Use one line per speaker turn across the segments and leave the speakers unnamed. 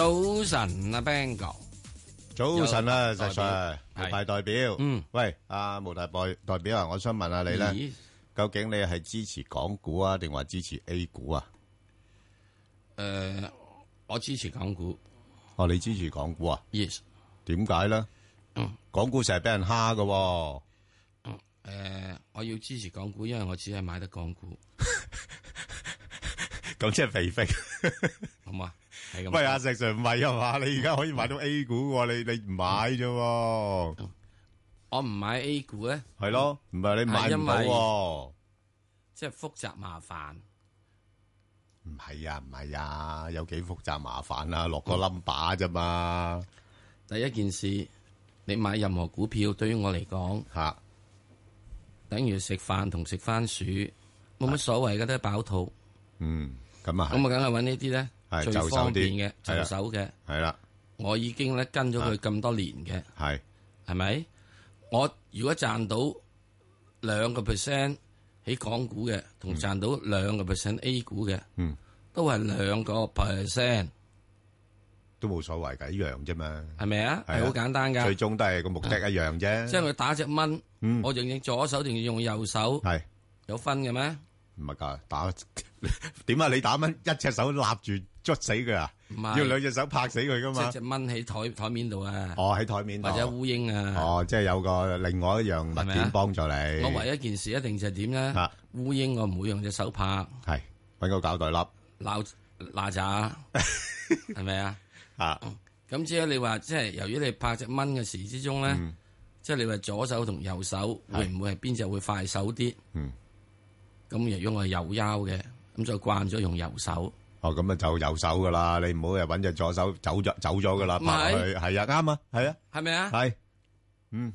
早晨啊 Bingo 早晨啊，石 Sir，代表。嗯，是喂，阿、啊、毛大代代表啊，我想問下你咧，Yes. 究竟你係支持港股啊，定話支持 A 股啊？誒，uh, 我支持港股。哦，你支持港股啊？Yes。點解咧？港股成日俾人蝦噶、啊。誒，uh, uh, 我要支持港股，因為我只係買得港股。咁即係肥肥， 好嘛？喂，啊，石 Sir 唔係啊嘛？你而家可以買到 A 股喎，你你唔買啫、啊？我唔買 A 股咧，係咯，唔係你買唔到、啊。
即係複雜麻煩，唔係啊，唔係啊，
有幾複雜麻煩啊？落個冧把啫嘛、
嗯。第一件事，你買任何股票對於我嚟講，吓哈等於食飯同食番薯，冇乜所謂嘅，都係飽肚
嗯。嗯，咁、嗯、啊，咁、嗯、啊，梗係揾呢啲咧。係最方便嘅、就手嘅係啦。
我已經咧跟咗佢咁多年嘅，係係咪？我如果賺到兩個 percent 喺港股嘅，同賺到兩個 percent A
股嘅，嗯，都係兩個 percent，都冇所謂噶，一樣啫嘛。係咪啊？係好簡單噶，最終都係個目的一樣啫。即係
佢打隻蚊，我用左手定用右手，係有分嘅咩？
唔係噶，打，點解？你打蚊一隻手立住。捉死佢啊！唔係要兩隻
手拍死佢噶嘛？即隻蚊喺台台面度啊！哦，喺台
面或者烏蠅啊！哦，即係有個另外一樣物件幫助你。我唯一
件事一定就係點咧？烏蠅我唔會用隻手拍，係搵個膠袋粒，鬧嗱喳，係咪啊？啊！咁即係你話，即係由於你拍隻蚊嘅時之中咧，即係你話左手同右手會唔會係邊隻會快手啲？嗯，咁如果我係右腰嘅，咁就
慣咗用右手。哦，咁啊就右手噶啦，你唔好又揾隻左手走咗走咗噶啦，埋去係啊啱啊，係啊係咪啊係，嗯，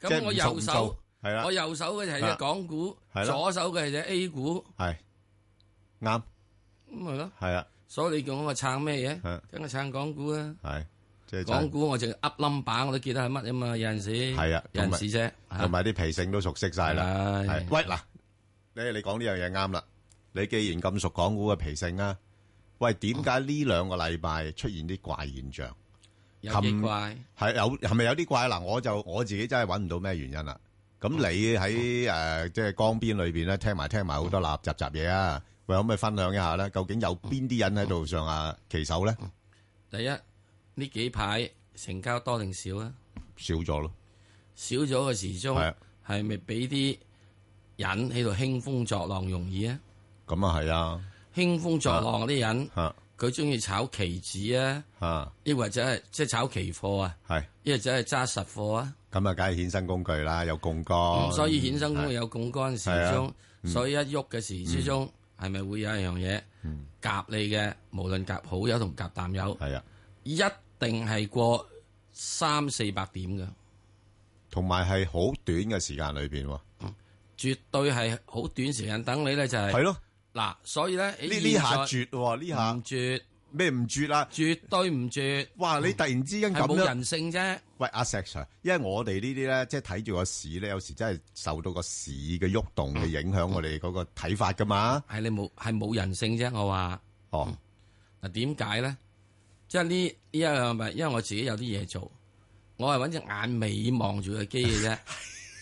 咁我右手係啦，我右手嘅係隻港股，
左手嘅係隻 A 股，
係啱，
咁咪咯，係啊，所以你叫我撐咩嘢？咁我撐港股啊，
係，即係港
股我淨噏冧板，我都記得係乜啊嘛，有陣時係啊，有陣時啫，同
埋啲脾性都熟悉晒啦，係，喂嗱，誒你講呢樣嘢啱啦，你既然咁熟港股嘅脾性啊。喂，點解呢兩個禮拜出現啲怪現象？有啲怪係有係咪有啲怪嗱？我就我自己真係揾唔到咩原因啦。咁你喺誒即係江邊裏面咧，聽埋聽埋好多垃垃雜雜嘢啊！喂，可唔可以分享一下咧？究竟有邊啲人喺度上下其手咧？
第一呢幾排成交多定少啊？少咗咯，少咗個時鐘係咪俾啲人喺度興風作浪容易啊？咁啊係啊！興風作浪啲人，佢中意炒期指啊，亦或者係即係炒期貨啊，亦或者係揸實貨啊。咁啊，梗係衍生工具啦，有槓桿。所以衍生工具有槓桿，始終所以一喐嘅時，始終係咪會有一樣嘢夾你嘅？無論夾好友同夾淡友，係啊，一定係過三四百點嘅，
同埋係好短嘅時間裏邊。嗯，
絕對係好短時間等你咧，就係。係咯。嗱、啊，所以咧，呢呢下絕
喎，呢下唔絕咩唔絕啦？絕對唔絕。哇！你突然之間咁冇人性啫。喂，阿石 Sir，因為我哋呢啲咧，即係睇住個市咧，有時真係受到個市嘅喐動嘅影響我，我哋嗰個睇法噶嘛。係你冇係冇人
性啫，我話。哦。嗱，點解咧？即係呢呢一樣咪，因為我自己有啲嘢做，我係揾隻眼尾望住個機嘅啫。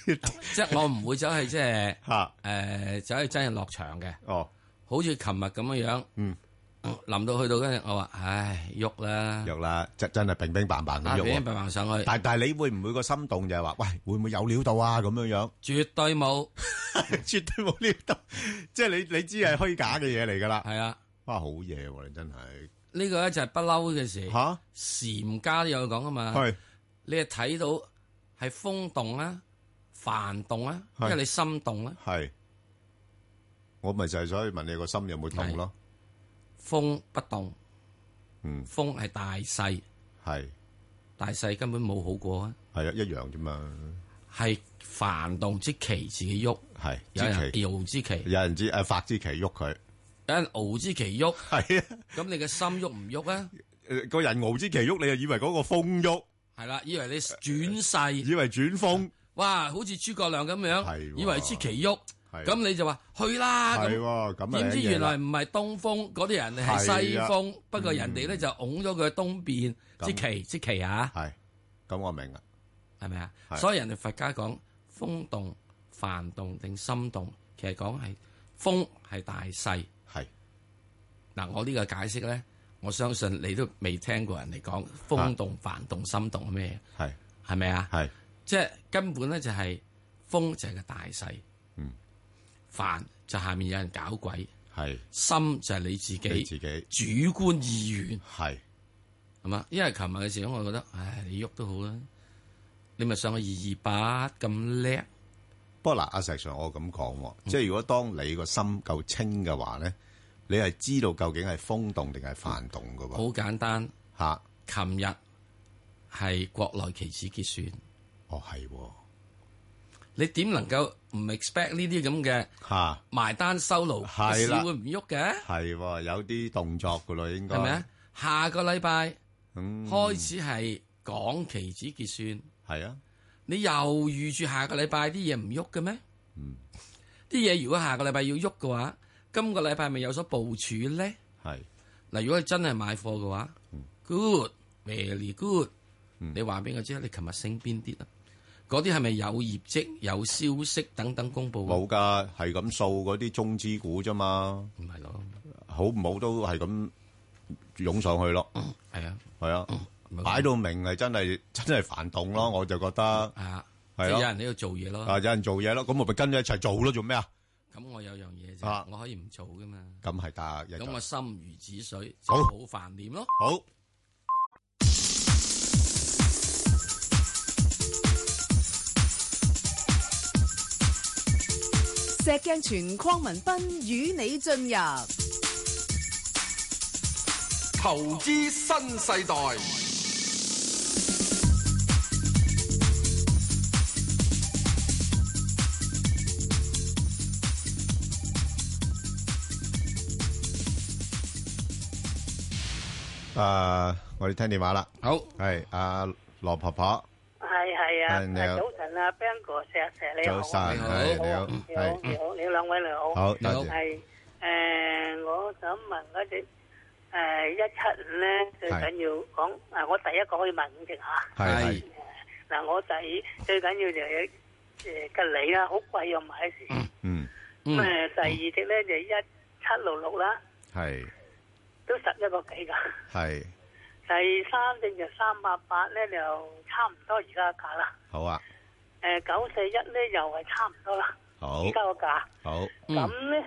即係我唔會走去即係誒，走去真係落場嘅。哦。好似琴日咁嘅樣，嗯，臨到去到跟住，我話唉，喐啦，喐啦，真真係平
平淡淡咁喐啊，平平淡淡上去。但但係你會唔會個心動就係話，喂，會唔會有料到啊？咁樣樣，絕對冇，絕對冇料到，即係你你知係虛假嘅嘢嚟噶啦。係啊，哇，好嘢你真係。呢個咧就係不嬲嘅事。吓，禪
家都有講啊嘛，係，你係睇到係風動啊，幡動啊，
因為你心動啊，係。我咪就係想去問你個心有冇痛咯？風不動，嗯，風係是大勢，係
大勢根本冇好過啊！係啊，一樣啫嘛。係煩動
之奇，自己喐，係有人傲之奇，有人、啊、之誒發之奇喐佢，有
人傲之奇喐，係是啊。咁 你嘅心喐唔喐啊？個人傲之奇喐，你就以為嗰個風喐，係啦、啊，以為你轉世、呃，以為轉風、啊，哇，好似諸葛亮咁樣，係以為之奇喐。 嗯嗯咁你就話去啦，
咁點知原來
唔係東風嗰啲人係西風，不過人哋咧就拱咗佢東邊，即奇，即奇啊。係咁，我明噶，係咪啊？所以人哋佛家講風動、幡動定心動，其實講係風係大勢。係嗱，我呢個解釋咧，我相信你都未聽過人哋講風動、幡動、心動係咩？系係咪啊？係即係根本咧，就係風就係個大勢。幡就是、下面有人搞鬼，係是心就係你自己，你自己主觀意願係，係嘛是？因為琴日嘅時候，我覺得，唉，你喐都好啦，你咪上去二二八咁叻。
不過嗱，阿、啊、石常我咁講，嗯、即係如果當你個心夠清嘅話咧，你係知道究竟係風動定係幡動噶。好簡單吓，琴日係國內期指結算，哦係。你點
能夠唔 expect 呢啲咁嘅嚇埋單收路，股市會唔
喐嘅？係喎，有啲動作噶咯，應該。係咪啊？下個禮拜開
始係講期指結算。係啊、嗯，你又預住下個禮拜啲嘢唔喐嘅咩？嗯，啲嘢如果下個禮拜要喐嘅話，今個禮拜咪有所部署咧？係。嗱，如果你真係買貨嘅話，good，very good。你話俾我知，你琴日升邊啲啦？嗰啲係咪有業績、有消息等等公佈？冇
噶，係咁掃嗰啲中資股啫嘛。唔係咯，好唔好都係咁湧上去咯。係啊，係啊，擺到明係真係真係泛動咯，我就覺得係啊，係啊，有人
喺度做嘢咯。啊，有人
做嘢咯，咁我咪跟咗一齊做咯，做咩啊？
咁我有樣嘢，我可以唔做噶嘛？
咁係得。咁我
心如止水，就好泛濫咯。好。
石鏡泉鄺文斌與你進入
投資新世代。
誒，uh, 我哋聽電話啦。好，係阿羅婆婆。
係係啊！早晨啊，Ben 哥，成日成日你好，你好，你好，你好，
你好，
你兩位你好。好，係誒，我想問嗰隻誒一七五咧最緊要講，誒我第一個可以問五隻吓。係。嗱，我第最緊要就係誒隔籬啦，好貴又買時。嗯。咁誒，第二隻咧就一七六六啦。係。都十一個幾噶。係。第三隻就三百八咧，就差唔多而家價啦。好啊。誒，九四一咧又係差唔多啦。
好。而家個價。好。咁
咧，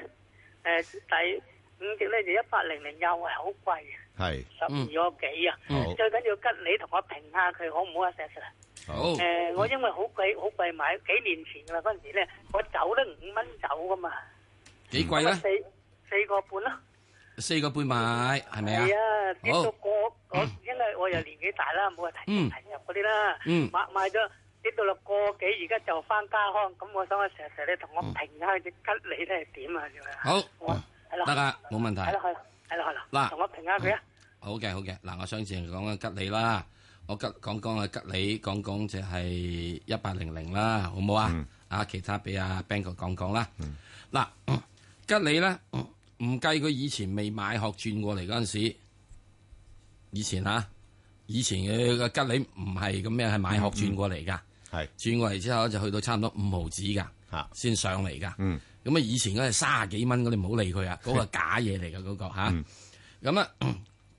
誒，第五隻咧就一百零零又係好貴
嘅。係。十二個
幾啊？好。最緊要吉，你同我評下佢好唔好啊，Sir？好。誒，我因為好貴，好貴買，幾年前噶啦，嗰陣時咧，我走都五蚊走噶嘛。
幾貴啊？
四四個半啦。
四個半買係咪啊？係啊。
好。我因為我又年紀大啦，冇話投入投入嗰啲啦，買買咗跌到落個幾，而家就翻家康。咁我想啊，成日成日你同我評
下隻吉利咧係點啊？好，得啦，冇問題。係啦，係啦，係啦，係啦。嗱，同我
評
下佢啊。好嘅，好嘅。嗱，我上次講緊吉利啦。我吉講講啊，吉利講講就係一八零零啦，好唔好啊？啊，其他俾阿 Bang 哥講講啦。嗱，吉利咧，唔計佢以前未買學轉過嚟嗰陣時。以前啊，以前嘅嘅吉利唔係咁咩？係買殼轉過嚟噶，係轉、嗯嗯、過嚟之後就去到差唔多五毫子噶，嚇先、啊、上嚟噶。嗯，咁啊，以前嗰係卅幾蚊，你唔好理佢啊，嗰個假嘢嚟噶嗰個嚇。咁啊，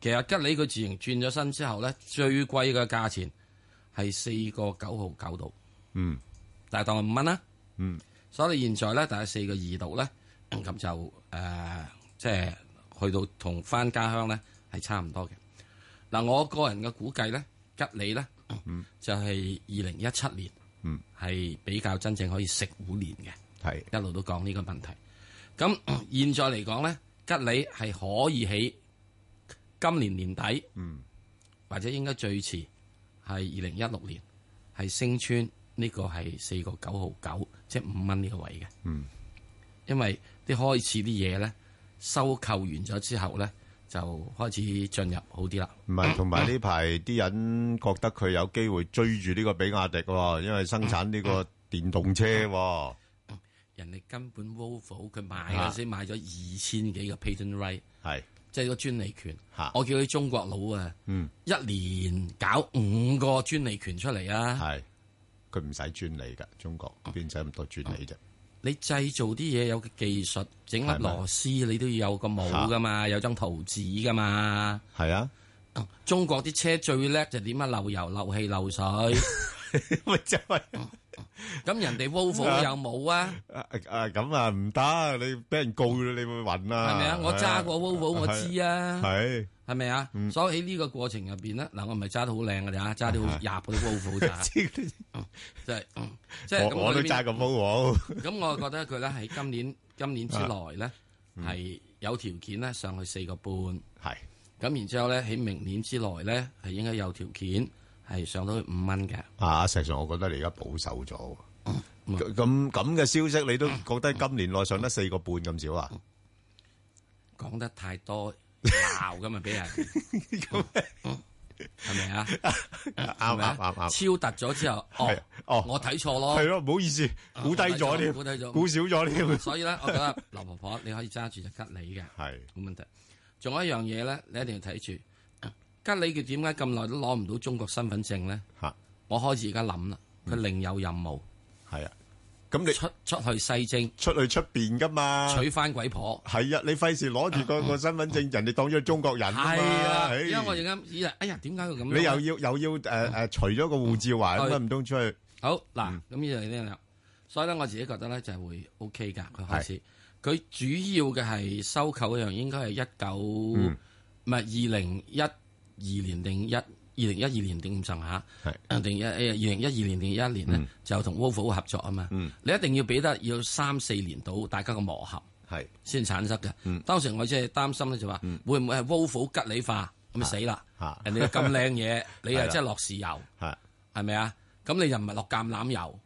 其實吉利佢自然轉咗身之後咧，最貴嘅價錢係四個九毫九度，嗯，但係當係五蚊啦，嗯，所以現在咧，大概四個二度咧，咁就誒即係去到同翻家鄉咧係差唔多嘅。嗱，我個人嘅估計咧，吉利咧就係二零一七年係、嗯、比較真正可以食五年嘅，是一路都講呢個問題。咁現在嚟講咧，吉利係可以喺今年年底、嗯、或者應該最遲係二零一六年係升穿呢個係四個九毫九，即係五蚊呢個位嘅。嗯、因為啲開始啲嘢咧收購完咗之後咧。就開始進入好啲啦。唔係，同埋呢
排啲人覺得佢有機會追住呢個比亞迪，哦，因為生產呢個電動車，哦。
人哋根本 Volvo 佢買啊先，買咗二千幾個 patent right，係，即係個專利權。啊、我叫佢中國佬啊，嗯、一年搞五個專利權出嚟啊。係，佢唔使專利噶，中國邊使咁多專利啫。啊你製造啲嘢有技術，整粒螺絲嗎你都要有個模㗎嘛，有張圖紙㗎嘛。係啊，中國啲車最叻就點樣，漏油、漏氣、漏水。 咪就係，咁人哋 Wolf 有冇啊？啊咁啊，唔得，你俾人告，你會搵啊？係咪啊？我揸過 Wolf，我知啊。係係咪啊？所以喺呢個過程入邊咧，嗱，我唔係揸得好靚嘅咋，揸啲廿鋪啲 Wolf 咋。即係
即係，我都揸個
Wolf。咁我覺得佢咧喺今年今年之內咧係有條件咧上去四個半，係咁，然之後咧喺明年之內咧係應該有條件。
係上到五蚊嘅。啊，石尚，我覺得你而家保守咗。咁咁嘅消息，你都覺得今年內上得四個半咁少啊？
講得太多鬧咁啊！俾人係咪啊？啱啱啱啱超突咗之後，哦哦，我睇錯咯，係咯，
唔好意思，估低咗添，估低咗，估少咗添。所以咧，我覺
得劉婆婆你可以揸住隻吉利嘅，係冇問題。仲有一樣嘢咧，你一定要睇住。家你佢點解咁耐都攞唔到中國身份證咧？嚇！我開始而家諗啦，佢另有任務。係啊，咁你出
出去西征，出去出邊噶嘛？娶翻鬼婆。係啊，你費事攞住個個身份證，人哋當咗中國人嘛？係啊因為我
而家，哎呀，點解佢咁？你又
要又要誒誒，除咗個護照還咁唔通出
去？好嗱，咁呢樣呢樣，所以咧，我自己覺得咧就係會 OK 噶。佢開始，佢主要嘅係收購嗰樣，應該係一九唔係二零一。二年定一，二零一二年定五上下，定一二零一二年定一,一,一年咧，嗯、就同 Wolf 合作啊嘛。嗯、你一定要俾得要三四年到，大家嘅磨合，先是產生嘅。當時我即係擔心咧，就話、是、會唔會係 Wolf 吉利化你化咁死啦？人哋咁靚嘢，是是你又即係落豉油，係咪啊？咁你又唔係落橄欖油，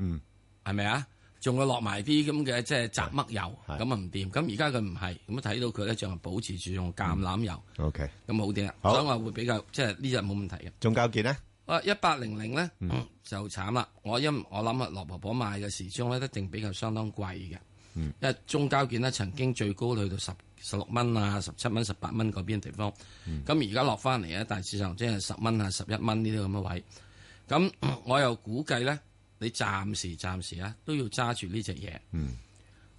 係咪啊？嗯是仲會落埋啲咁嘅，即係雜乜油，咁啊唔掂。咁而家佢唔係，咁睇是到佢咧，仲係保持住用橄欖油。嗯、OK，咁好掂啦。好，所以我會比較，即係呢日冇問題嘅。中交建呢。哇呢，一八零零咧就慘啦。我因我諗啊，羅婆婆賣嘅時鐘咧，一定比較相當貴嘅。嗯、因為中交建咧曾經最高去到十十六蚊啊，十七蚊、十八蚊嗰邊地方。嗯。咁而家落翻嚟咧，大市場即係十蚊啊，十一蚊呢啲咁嘅位。咁我又估計咧。你暫時暫時啦，都要揸住呢隻嘢。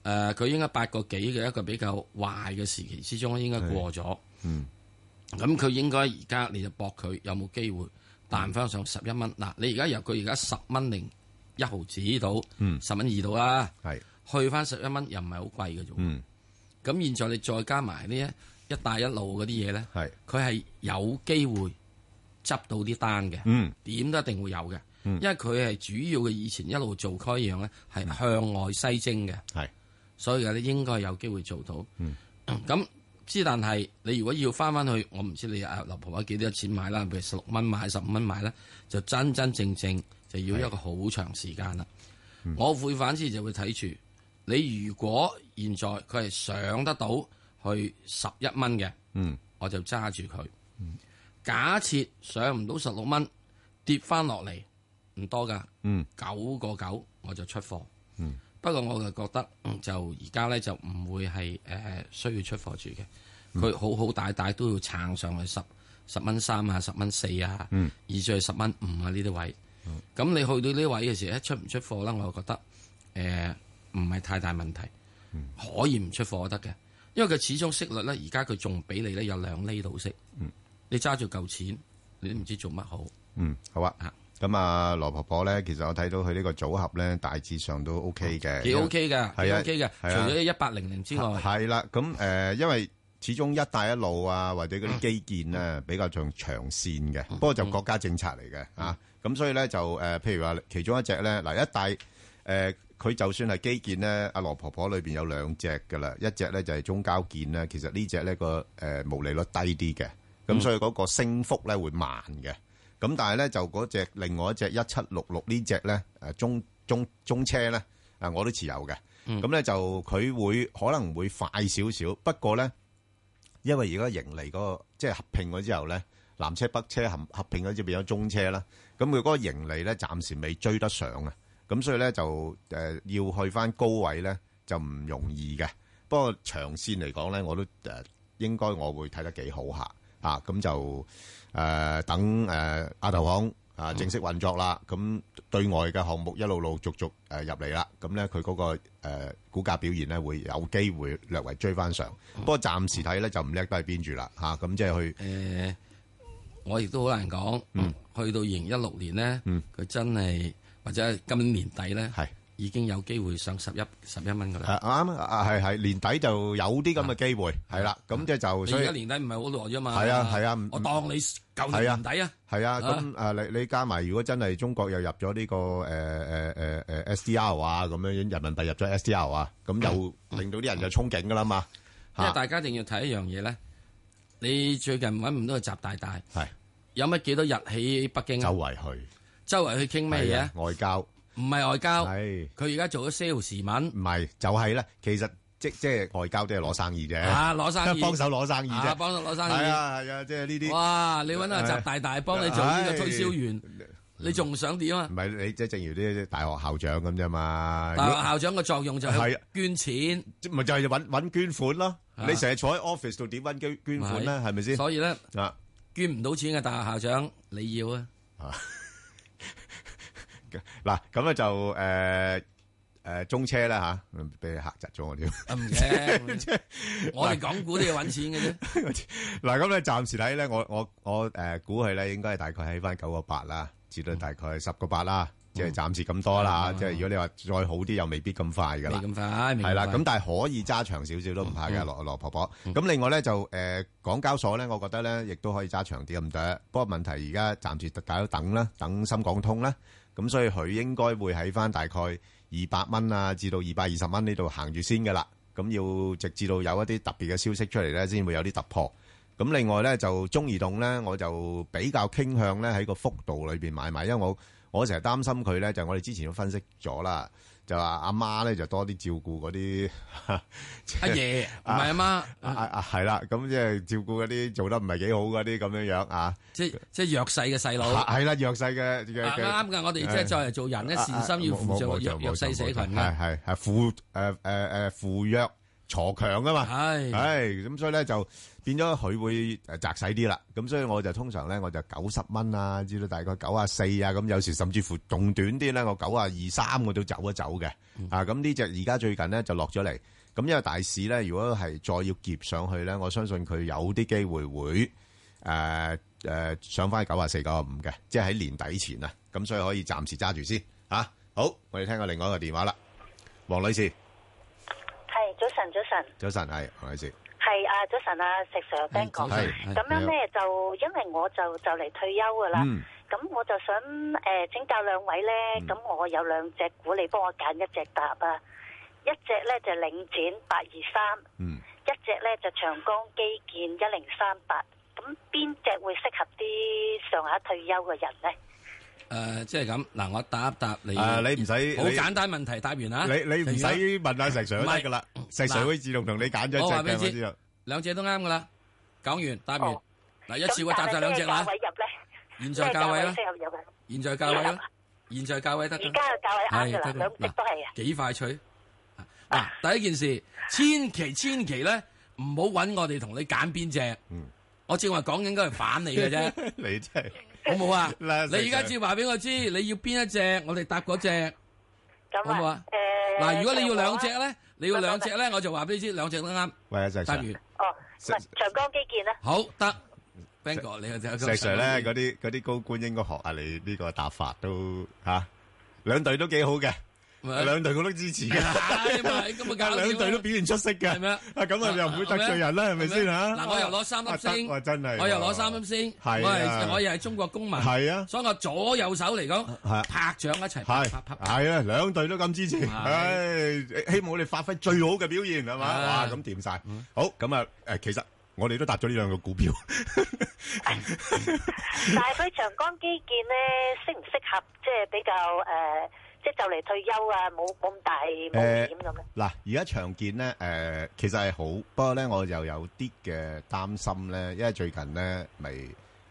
誒，佢應該八個幾嘅一個比較壞嘅時期之中，應該過咗。咁佢應該而家你就搏佢有冇機會彈翻上十一蚊。嗱，你而家由佢而家十蚊零一毫紙到，十蚊二度啦，去翻十一蚊又唔係好貴嘅啫。咁現在你再加埋呢一帶一路嗰啲嘢咧，佢係有機會執到啲單嘅，點都一定會有嘅。因為佢係主要嘅以前一路做開樣咧，係向外西征嘅，係、嗯，所以咧應該有機會做到。咁之、嗯、但係你如果要翻翻去，我唔知你阿劉婆婆幾多錢買啦，譬如十六蚊買，十五蚊買咧，就真真正,正正就要一個好長時間啦。嗯、我悔反反思就會睇住，你如果現在佢係上得到去十一蚊嘅，嗯，我就揸住佢。嗯、假設上唔到十六蚊，跌翻落嚟。唔多噶，嗯，九個九我就出貨，嗯。不過我就覺得就而家咧就唔會係誒、呃、需要出貨住嘅。佢好好大大都要撐上去十十蚊三啊，十蚊四啊，嗯，二至係十蚊五啊呢啲位，嗯。咁、嗯、你去到呢位嘅時候，一、嗯、出唔出貨啦？我就覺得誒唔係太大問題，可以唔出貨得嘅，因為佢始終息率咧，而家佢仲俾你咧有兩厘到息，息，嗯，你揸住嚿錢，你都唔知做乜好，
嗯，好啊，啊。咁啊，羅婆婆咧，其實我睇到佢呢個組合咧，大致上都 O K 嘅，幾 O K 嘅，幾 O K 嘅。除咗一
八零零之外，係
啦、啊。咁誒、啊，因為、呃、始終一帶一路啊， 或者嗰啲基建啊，比較像長線嘅。不過就國家政策嚟嘅 啊。咁所以咧就誒、呃，譬如話其中一隻咧，嗱，一帶誒，佢、呃、就算係基建咧，阿羅婆婆裏邊有兩隻噶啦，一隻咧就係中交建咧。其實呢隻呢個誒毛利率低啲嘅，咁 所以嗰個升幅咧會慢嘅。咁但係咧就嗰隻另外一隻一七六六呢隻咧誒，中中中車咧啊，我都持有嘅。咁咧就佢會可能會快少少，不過咧因為而家盈利嗰個即係合併咗之後咧，南車北車合合併咗之後變咗中車啦，咁佢嗰個盈利咧暫時未追得上啊，咁所以咧就誒，要去翻高位咧就唔容易嘅，不過長線嚟講咧我都誒應該我會睇得幾好下。啊，咁就誒、呃、等誒亞、呃啊、投行啊正式運作啦，咁、啊、對外嘅項目一路陸陸續續誒入嚟啦，咁咧佢嗰個誒、呃、股價表現咧會有機會略為追翻上，不、啊、過、啊、暫時睇咧就唔叻得喺邊住啦嚇，咁、啊啊、即係去誒、呃，我亦都好難講，嗯，去到二零一
六年咧，嗯，佢真係或者今年底咧，係。已經有機會上十一
十一蚊噶啦，啱啊，係係年底就有啲咁嘅機會，係啦，咁即係就所以而家
年底唔係好耐啫嘛，係啊係啊，我當你舊年年底啊，係啊，咁
誒你你加埋如果真係中國又入咗呢個誒誒誒誒 SDR 啊咁樣樣，人民幣入咗 SDR 啊，咁又令到啲人就憧憬噶啦嘛，
因為大家一定要睇一樣嘢咧，你最近揾唔到習大大，係有乜幾多日喺北京啊？周圍
去，周圍去傾咩嘢啊？外交。唔係外交，係佢而家做咗 salesman，唔係就係啦。其實即即外交都係攞生意啫，啊攞生意，幫手攞生意啫，幫手攞生意。係啊係啊，即係呢啲。哇，你搵阿習大大幫你做呢個推銷員，你仲想點啊？唔係你即係正如啲大學校長咁啫嘛？大學校長嘅作用就係捐錢，咪就係揾揾捐款咯。你成日坐喺 office 度點揾捐捐款咧？係咪先？所以咧，啊，捐唔到錢嘅大學校長你要啊。嗱，咁咧就誒誒、呃呃，中車啦吓俾你吓窒咗我哋。唔
我哋港股都要搵錢嘅啫。
嗱、啊，咁咧暫時睇咧，我我我誒、呃，估佢咧，應該係大概喺翻九個八啦，至到大概十個八啦，嗯、即係暫時咁多啦。即係如果你話再好啲，又未必咁快噶、嗯嗯、啦，咁快係啦。咁但係可以揸長少少都唔怕嘅，羅羅、嗯嗯、婆婆。咁、嗯、另外咧就誒，港交所咧，我覺得咧亦都可以揸長啲咁多。不過問題而家暫時大家都等啦，等深港通啦。咁所以佢應該會喺翻大概二百蚊啊，至到二百二十蚊呢度行住先嘅啦。咁要直至到有一啲特別嘅消息出嚟呢，先會有啲突破。咁另外呢，就中移動呢，我就比較傾向呢喺個幅度裏邊買賣，因為我我成日擔心佢呢，就我哋之前都分析咗啦。就話阿媽咧，就多啲照顧嗰啲阿爺，唔係阿媽，係啦、啊，咁即係照顧嗰啲做得唔係幾好嗰啲咁樣樣啊，即即弱勢嘅細佬，係啦， 弱勢嘅啱㗎，我哋即係作為做人咧，哎、善心要扶助弱弱勢社群㗎，係係扶誒誒誒扶弱。挫強啊嘛，係，唉，咁、嗯、所以咧就變咗佢會窄細啲啦。咁所以我就通常咧我就九十蚊啊，至到大概九啊四啊，咁有時甚至乎仲短啲咧，我九啊二三我都走一走嘅。啊，咁呢隻而家最近咧就落咗嚟。咁因為大市咧，如果係再要夾上去咧，我相信佢有啲機會會誒誒、呃呃、上翻九啊四、九啊五嘅，即係喺年底前啊。咁所以可以暫時揸住先嚇、啊。好，我哋聽個另外一個電話啦，黃女士。
早晨，早晨，
早晨，係係咪
先？係 啊，早晨啊，石 Sir 有聽講，咁 ingo 樣咧就因為我就就嚟退休噶啦，咁 我就想誒、呃，請教兩位咧，咁 我有兩隻股，你幫我揀一隻答啊，一隻咧就領展八二三，嗯， 一隻咧就長江基建 38, 一零三八，咁邊隻會適合啲上下退休嘅人咧？
誒，即係咁，嗱，我答一答你。啊，你唔使好簡單問題答完啦。你你唔使
問阿石 sir，唔得噶啦，石 sir 會自動同你揀咗一隻？我話俾你知，
兩隻都啱噶啦，講完答完，嗱，一次會答晒兩隻啦。現在價位咧？現在價位啦。現在價位啦。現在價位得。而家嘅價位啱噶啦，兩隻都係啊。幾快脆？嗱，第一件事，千祈千祈咧，唔好揾我哋同你揀邊隻。嗯。我正話講緊，應該係反你嘅啫。
你真係。
好冇啊！你而家先話俾我知，你要邊一隻，我哋搭嗰隻，好冇啊？嗱，如果你要兩隻咧，你要兩隻咧，我就話俾你知，兩隻都啱。
喂，鄭長源，哦，唔係長江
基
建咧。好得，Bang 哥，你又就石 Sir
咧？嗰啲啲高官應該學下你呢個答法都吓，兩隊都幾好嘅。兩隊我都支持嘅，咁啊，兩隊都表現出色嘅，係咩？啊，咁啊，又唔會得罪人啦，係咪先吓？嗱，我
又攞三粒星，我真係，我又攞三粒星，我係，我又係中國公民，係啊，所以我左
右手嚟講，拍掌一齊拍拍拍，係啊，兩隊都咁支持，唉，希望我哋發揮最好嘅表現，係嘛？哇，咁掂晒，好，咁啊，誒，其實我哋都搭咗呢兩個股票，但
係佢長江基建呢，適唔適合？即係比較誒。即就嚟退休啊！冇咁大風險
咁咧嗱，而家長建咧誒，其實係好，不過咧我又有啲嘅擔心咧，因為最近咧咪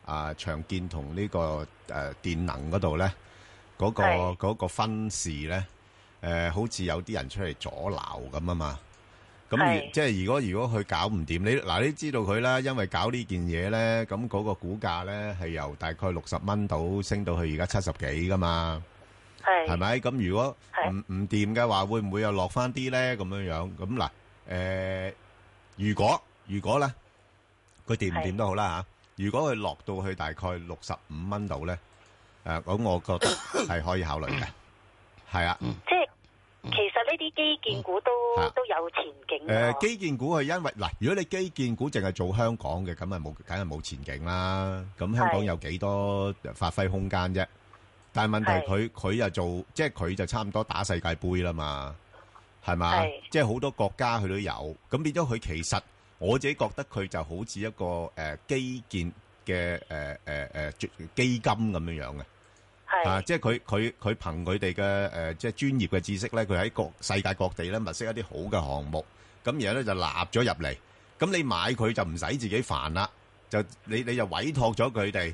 啊長建同呢個誒電能嗰度咧嗰個嗰個分時咧誒，好似有啲人出嚟阻撓咁啊嘛。
咁即
係如果如果佢搞唔掂你嗱，你知道佢啦，因為搞呢件嘢咧，咁嗰個股價咧係由大概六十蚊到升到去而家七十幾噶嘛。係，係咪咁？如果唔唔掂嘅話，會唔會又落翻啲咧？咁樣樣咁嗱，誒，如果如果咧，佢掂唔掂都好啦吓。如果佢落到去大概六十五蚊度咧，誒，咁我覺得係可以考慮嘅。係啊，即係其實呢啲基建股都都
有前景。誒，基
建股係因為嗱，如果你基建股淨係做香港嘅，咁係冇，梗係冇前景啦。咁香港有幾多發揮空間啫？但係問題，佢佢就做，即係佢就差唔多打世界盃啦嘛，係嘛？即係好多國家佢都有，咁變咗佢其實我自己覺得佢就好似一個誒基建嘅誒誒誒基金咁樣樣嘅，係啊，即係佢佢佢憑佢哋嘅誒即係專業嘅知識咧，佢喺各世界各地咧物色一啲好嘅項目，咁然後咧就納咗入嚟，咁你買佢就唔使自己煩啦，就你你就委託咗佢哋。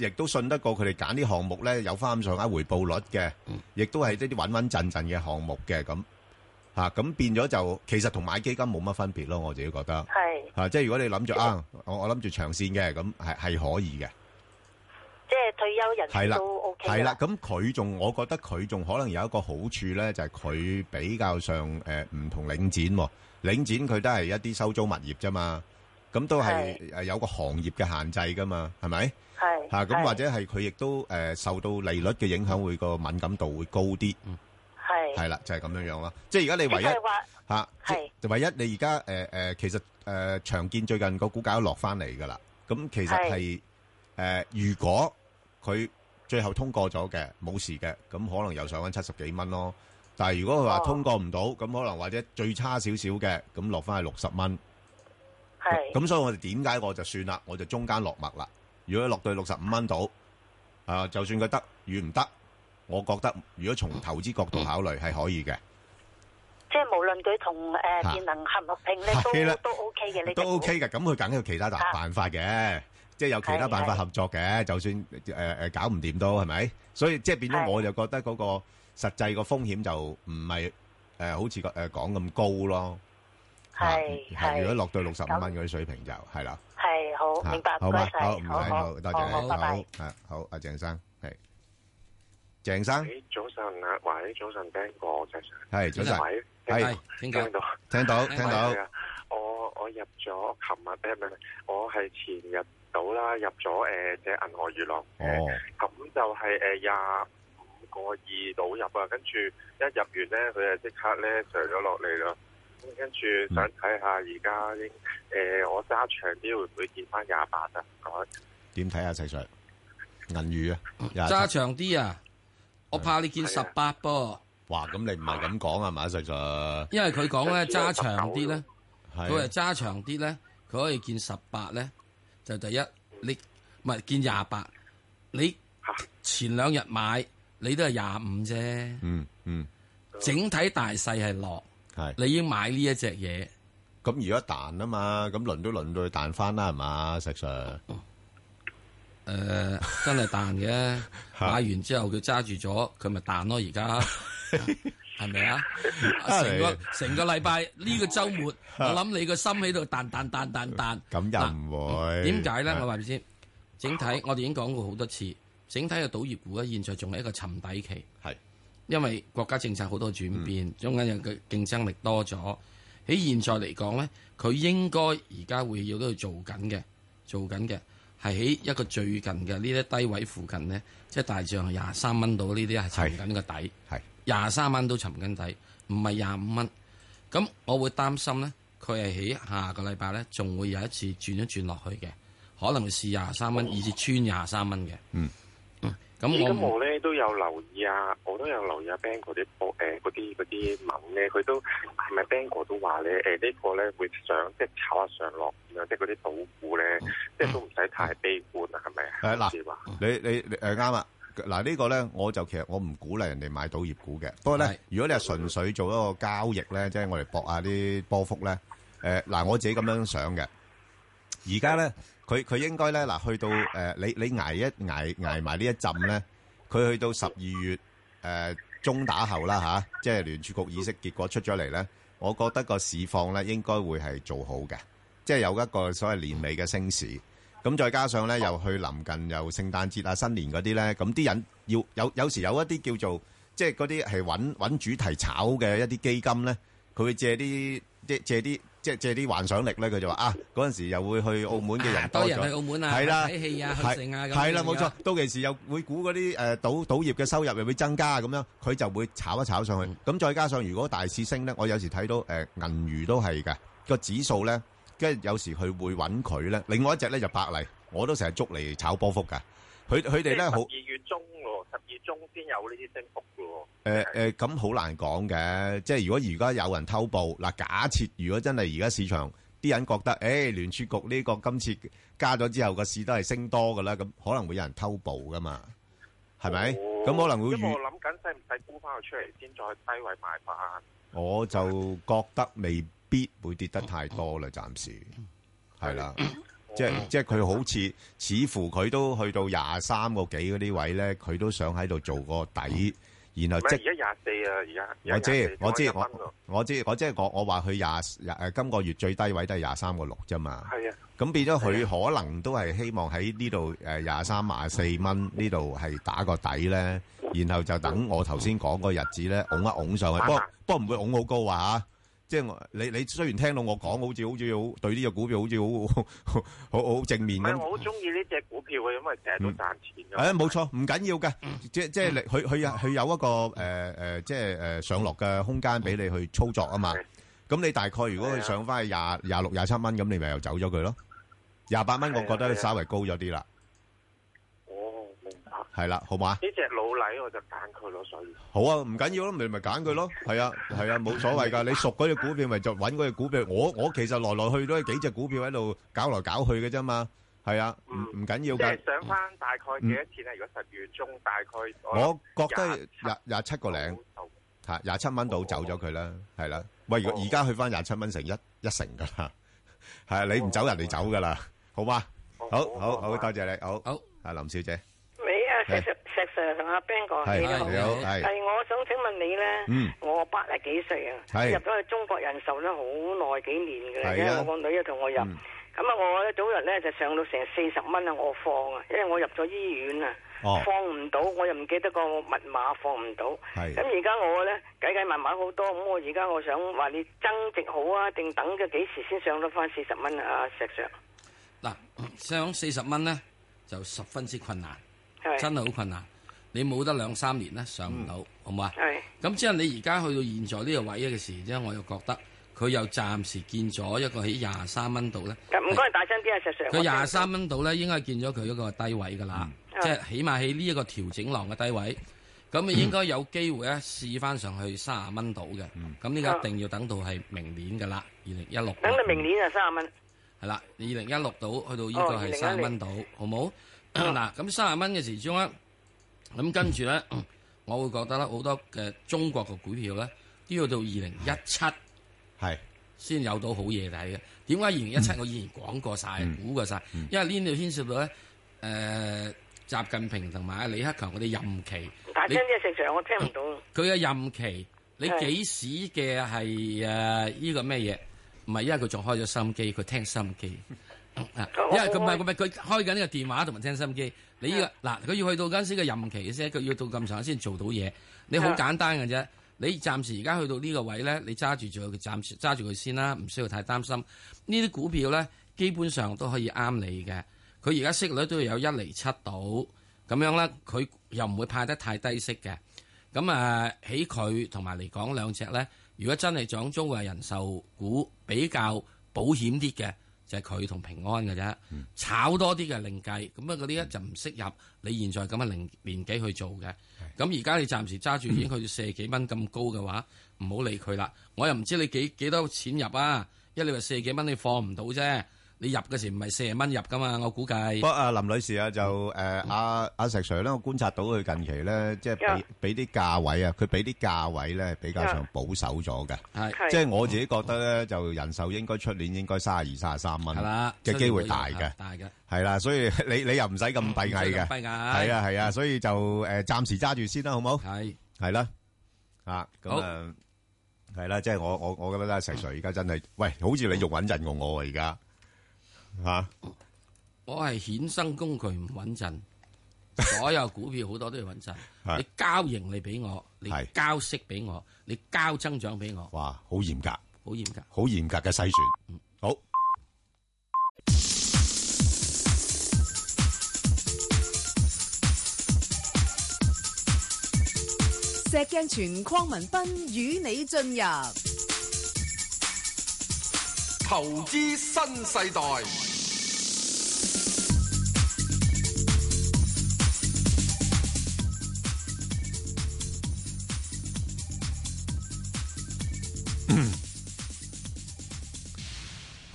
亦都信得過佢哋揀啲項目咧，有翻上下回報率嘅，亦都係一啲穩穩陣陣嘅項目嘅咁嚇。咁、啊、變咗就其實同買基金冇乜分別咯，我自己覺得。係是、啊、即係如果你諗住是啊，我我諗住長線嘅，咁係係可以嘅。即
係退休人士都 OK。係啦，咁
佢仲，我覺得佢仲可能有一個好處咧，就係、是、佢比較上誒唔、呃、同領展，領展佢都係一啲收租物業啫嘛，咁都係有個行業嘅限制噶嘛，係咪？係吓，咁或者係佢亦都誒受到利率嘅影響，會個敏感度會高啲，
係係
啦，就係、是、咁樣樣咯。即係而家你唯一吓係、啊、唯一你而家誒誒，其實誒長、呃呃、見最近個股價都落翻嚟噶啦。咁其實係誒是、呃、如果佢最後通過咗嘅冇事嘅，咁可能又上翻七十幾蚊咯。但係如果佢話通過唔到，咁、哦、可能或者最差少少嘅咁落翻係六十蚊。係咁所以我哋點解我就算啦，我就中間落墨啦。如果落到六十五蚊到，啊，就算佢得與唔得，我覺得如果從投資角度考慮係可以嘅。
即係無論佢同誒電能合唔合併咧，都都 O K 嘅。你都 O K 嘅，
咁佢梗有其他辦法嘅，即係有其他辦法合作嘅，就算誒誒搞唔掂都係咪？所以即係變咗，我就覺得嗰個實際個風險就唔係誒好似個誒講咁高咯。係係，如果落到六十五蚊嗰啲水平就係啦。
係好明白，唔該晒，好唔該，好多謝你，好，拜拜，
係好，阿鄭生，係，鄭生，
早晨啊，喂早晨，聽我介紹，係，早晨，係，聽到，
聽到，聽到，
我我入咗，琴日，誒唔係，我
係前日到啦，入咗誒隻銀河娛樂，哦，咁就係誒廿五個二度入啊，跟住一入完咧，佢就即刻咧除咗落嚟咯。
跟住、
嗯、想睇下而家，誒、呃，我揸長啲會唔會見翻廿八啊？
點睇啊，細 Sir？銀魚啊，揸長啲啊，我怕你見十八噃。啊、哇，咁你唔係咁講啊，嘛、啊，細 Sir？因為佢講咧，揸、啊、長啲咧、啊，佢係揸長啲咧、啊，佢可以見十八咧，就第一，你唔係見廿八，你前兩日買你都係廿五啫。嗯嗯，整體大勢係落。
係，你已經買呢一隻嘢，咁如果彈啊嘛，咁輪都輪到佢彈翻啦，係嘛，石 sir，誒，真係彈嘅，買完
之後佢揸住咗，佢咪彈咯，而家係咪啊？成個成個禮拜呢個周末，我諗你個心喺度彈彈彈彈彈，咁又唔
會？點解
咧？我話唔先，整體我哋已經講過好多次，整體嘅賭業股咧，現在仲係一個沉底期，係。因為國家政策好多轉變，嗯、中間有個競爭力多咗。喺、嗯、現在嚟講咧，佢應該而家會要都去做緊嘅，做緊嘅係喺一個最近嘅呢啲低位附近咧，即係大致廿三蚊到呢啲係沉緊個底，係廿三蚊都沉緊底，唔係廿五蚊。咁我會擔心咧，佢係喺下個禮拜咧，仲會有一次轉一轉落去嘅，可能係試廿三蚊，以至穿廿三蚊嘅。嗯。而家、嗯、我
咧都有留意啊！我都有留意啊 Banker 啲波誒啲啲文咧，佢都係咪 Banker 都話咧誒呢個咧、呃、會上即係炒下上落咁樣，即係嗰啲賭股
咧，即係都唔使太悲觀啊？係咪、呃、啊？係啦，你
你誒啱啊。嗱呢個咧，我就其實我唔鼓勵人哋買賭業股嘅。不過咧，的如果你係純粹做一個交易咧，即、就、係、是、我哋博下啲波幅咧，誒、呃、嗱、呃、我自己咁樣想嘅。而家咧。佢佢應該咧嗱，去到誒、呃、你你挨一挨挨埋呢一陣咧，佢去到十二月誒、呃、中打後啦吓、啊，即係聯儲局議息結果出咗嚟咧，我覺得個市況咧應該會係做好嘅，即係有一個所謂年尾嘅升市。咁再加上咧又去臨近又聖誕節啊新年嗰啲咧，咁啲人要有有時有一啲叫做即係嗰啲係揾揾主題炒嘅一啲基金咧，佢會借啲即係借啲。借借借啲幻想力咧，佢就話啊，嗰陣時又會去澳門嘅人多人去澳門啊，睇戲啊，去城啊，咁樣。係啦，冇錯。到其時又會估嗰啲誒賭賭業嘅收入又會增加啊，咁樣佢就會炒一炒上去。咁再加上如果大市升咧，我有時睇到誒銀娛都係嘅個指數咧，跟住有時佢會揾佢咧。另外一隻咧就百麗，我都成日捉嚟炒波幅嘅。佢佢哋咧好二月中。十二中先有呢啲升幅嘅喎。誒咁好難講嘅。即係如果而家有人偷步，嗱、呃，假設如果真係而家市場啲人覺得，誒、欸、聯儲局呢個今次加咗之後個市都係升多嘅啦，咁可能會有人偷步嘅嘛，係咪，哦？咁可能會。因為我諗
緊使唔使沽翻佢出嚟先，再低位買翻。
我就覺得未必會跌得太多啦，暫時係啦。即係即係佢好似，似乎佢都去到廿三個幾嗰啲位咧，佢都想喺度做個底，然後即係而家廿四啊，而
家廿四，我知我知
我知我，我知，我我話佢廿廿誒今個月最低位都係廿三個六啫嘛，係啊的，咁變咗佢可能都係希望喺呢度誒廿三、廿四蚊呢度係打個底咧，然後就等我頭先講個日子咧，拱一拱上去的不，不過不過唔會拱好高啊嚇。即係我，你你雖然聽到我講，好似好似好對呢隻股票好似好好好正面。咁，我好
中意呢隻股票嘅，因為成
日都賺錢。係冇、嗯、錯，唔緊要嘅，即即係佢佢有佢有一個誒誒、呃呃、即係誒、呃、上落嘅空間俾你去操作啊、嗯嗯、嘛。咁你大概如果佢上翻去廿廿六廿七蚊，咁你咪又走咗佢咯。廿八蚊，我覺得稍微高咗啲啦。係啦，好嘛？呢隻
老禮我就揀佢咯，所以
好啊，唔緊要咯，咪咪揀佢咯，係啊，係啊，冇所謂噶。你熟嗰隻股票咪就搵嗰隻股票。我我其實來來去都係幾隻股票喺度搞來搞去嘅啫嘛，係啊，唔唔緊要噶。即係上翻
大概幾多錢啊？如果十月中大概
我覺得廿廿七個零吓廿七蚊到走咗佢啦，係啦。喂，而而家去翻廿七蚊成一一成噶啦，係啊，你唔走人哋走噶啦，好嗎？好好好，多謝你，好啊，林小姐。
石 Sir 同阿 Ben 哥，你好，你好，係。我想請問你咧，我八十幾歲啊，入咗去中國人壽咧好耐幾年嘅，因為我個女又同我入，咁啊我咧早日咧就上到成四十蚊啊我放啊，因為我入咗醫院啊，放唔到，我又唔記得個密碼，放唔到。咁而家我咧計計密碼好多，咁我而家我想話你增值好啊，定等咗幾時先上到翻四十蚊啊？石 Sir，
嗱，上四十蚊咧就十分之困難。真係好困難，你冇得兩三年咧上唔到，好唔好啊？係。咁只係你而家去到現在呢個位嘅時啫，我又覺得佢又暫時見咗一個喺廿三蚊度咧。
唔該，你大聲啲啊佢廿
三蚊度咧，應該見咗佢一個低位㗎啦，即係起碼喺呢一個調整浪嘅低位。咁你應該有機會咧試翻上去卅蚊度嘅。咁呢個一定要等到係明年㗎啦，二零一六。等你明年就，卅蚊。係啦，二零一六度去到呢個係卅蚊度，好唔好？嗱，咁三十蚊嘅時鐘啦，咁跟住咧，嗯、我會覺得咧好多嘅中國嘅股票咧，都要到二零一七係先有到好嘢睇嘅。點解二零一七我以前講過晒，嗯、估過晒，嗯、因為呢度牽涉到咧，誒、呃，習近平同埋李克強佢哋任期。大聲啲
啊！正常你我聽唔
到。佢嘅、呃、任期，你幾時嘅係誒？呢個咩嘢？唔係、啊，因為佢仲開咗心機，佢聽心機。啊、因為佢唔係佢唔係佢開緊呢個電話同埋聽收音機。你依個嗱，佢、啊、要去到嗰陣時嘅任期先，佢要到咁長先做到嘢。你好簡單嘅啫。你暫時而家去到呢個位咧，你揸住住佢，暫時揸住佢先啦，唔需要太擔心。呢啲股票咧，基本上都可以啱你嘅。佢而家息率都有一厘七到咁樣咧，佢又唔會派得太低息嘅。咁啊，喺佢同埋嚟講兩隻咧，如果真係漲中，話人壽股比較保險啲嘅。就係佢同平安嘅啫，嗯、炒多啲嘅另計。咁啊，啲一就唔適入。你現在咁嘅零年紀去做嘅，咁而家你暫時揸住已經去四十幾蚊咁高嘅話，唔好、嗯、理佢啦。我又唔知你幾幾多錢入啊？因為你話四十幾蚊，你放唔到啫。你入嗰時唔係四十蚊入噶嘛？我估計不
阿林女士啊，就誒阿阿石 Sir 咧，我觀察到佢近期咧，即係俾俾啲價位啊，佢俾啲價位咧比較上保守咗嘅，係即係我自己覺得咧，就人壽應該出年應該三十二、三十三蚊係啦嘅機會大嘅，大嘅係啦，所以你你又唔使咁閉翳嘅，閉翳係啊係啊，所以就誒暫時揸住先啦，好唔好？係係啦，啊咁啊係啦，即係我我我覺得阿石 Sir 而家真係喂，好似你仲穩陣過我而家。吓！啊、我係衍生工具唔穩陣，
所有股票好多都要穩陣。 是你交盈利俾我，你交息俾我，你交增長俾我。哇！好嚴
格，好嚴格，好嚴格嘅篩選。嗯、好，
石鏡泉鄺文斌與你進入
投資新世代。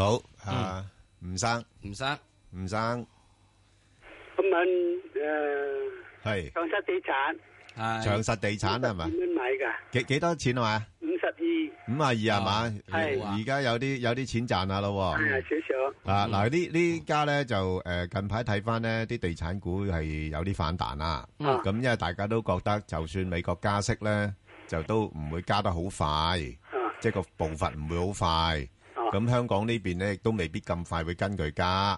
好啊，吳生，吳生，吳生，
今日誒，係長實
地產，係長實地產係咪？點樣買噶？幾幾多錢啊？嘛？
五十二，
五啊二啊？嘛？係。而家有啲有啲錢賺下咯。
係啊，少少。啊，嗱，
呢呢家咧就誒，近排睇翻咧，啲地產股係有啲反彈啦。嗯。咁因為大家都覺得，就算美國加息咧，就都唔會加得好快，即係個步伐唔會好快。咁香港呢邊咧，亦都未必咁快會跟佢加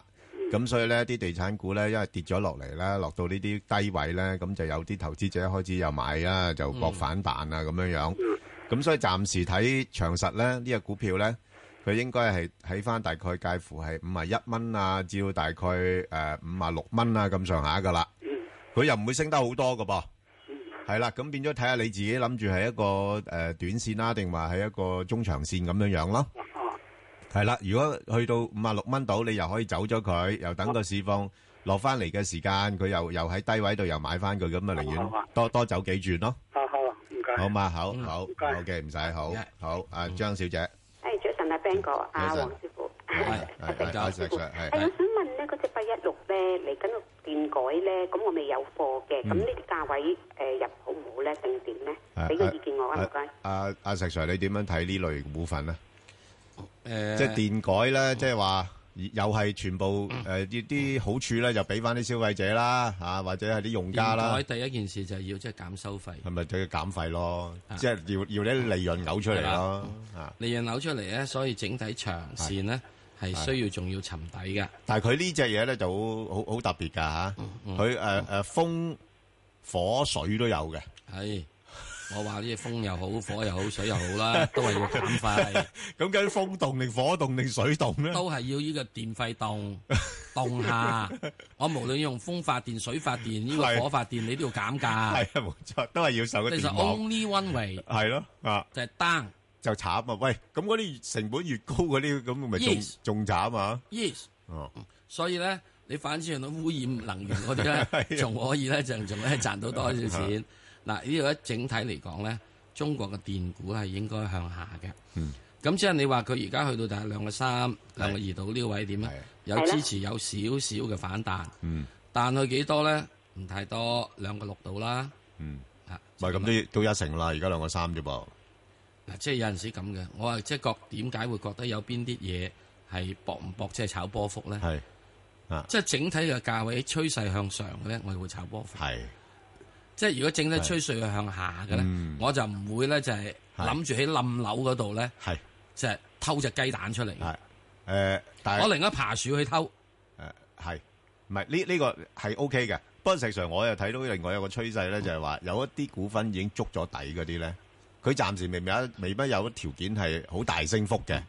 咁，所以咧啲地產股咧，因為跌咗落嚟咧，落到呢啲低位咧，咁就有啲投資者開始又買啦，就博反彈啊，咁樣樣。咁所以暫時睇長實咧，呢個股票咧，佢應該係喺翻大概介乎係五十一蚊啊，至到大概誒五十六蚊啊咁上下噶啦。佢又唔會升得好多噶噃。係啦，咁變咗睇下你自己諗住係一個誒短線啦，定話係一個中長線咁樣樣咯。係啦，如果去到五啊六蚊度，你又可以走咗佢，又等個市況落翻嚟嘅時間，佢又又喺低位度又買翻佢咁啊，寧願多多走幾轉咯。好啊，唔該。好嘛，好好，好嘅，唔使，好好啊，張小姐。誒，
早晨啊，Ben 哥，啊，
黃師傅，係，係，石 Sir，係。誒，我想
問咧，嗰隻八一六咧，嚟緊電改咧，咁我未有貨嘅，咁呢啲價
位誒入好唔好咧，定點咧？俾個意見我啊，唔該。阿阿石 Sir，你點樣睇呢類股份咧？誒，即係電改咧，即係話又係全部誒啲啲好處咧，就俾翻啲消費者啦，吓或者係啲用家啦。電改
第一件事就係要即係減收費，
係咪就要減費咯？即係要要啲利潤嘔出嚟咯？
利潤嘔出嚟咧，所以整體長線咧係需要仲要沉
底嘅。但係佢呢隻嘢咧就好好好特別噶吓，佢誒誒風火水都有嘅。係。我話啲風又好，火又好，水又好啦，都係要減費。咁究竟風動定火動定水動咧？都係要呢個
電費動動下。我無論用風發電、水發電、呢個火發電，你都要減價。係啊，
冇錯，都係要受個電。其實 only one way 係咯啊，就係 down 就慘啊！喂，咁嗰啲成本越高嗰啲咁，咪仲仲慘啊！yes 所以
咧，你反轉到污染能源嗰啲咧，仲可以咧，就
仲咧賺到多少錢？
嗱，呢個一整體嚟講咧，中國嘅電股係應該向下嘅。嗯。咁即係你話佢而家去到就係兩個三、兩個二度呢個位點咧？有支持有少少嘅反彈。嗯。彈去幾多咧？唔太多，兩個六度啦。
嗯。唔係咁都都一成啦，而家兩個三啫噃。
嗱，即係有陣時咁嘅，我係即係覺點解會覺得有邊啲嘢係搏唔搏即係炒波幅咧？係。即係整體嘅價位趨勢向上嘅咧，我哋會炒波幅。係。即係如果整得趨勢向下嘅咧，是我就唔會咧，就係諗住喺冧樓嗰度咧，即
係是偷隻雞蛋出嚟。誒，呃、但我寧一爬樹去偷。誒係、呃，唔係呢，呢個係 OK 嘅。不過實際上我又睇到另外有個趨勢咧，就係話有一啲股份已經捉咗底嗰啲咧，佢暫時未必有未有未必有條件係好大升幅嘅。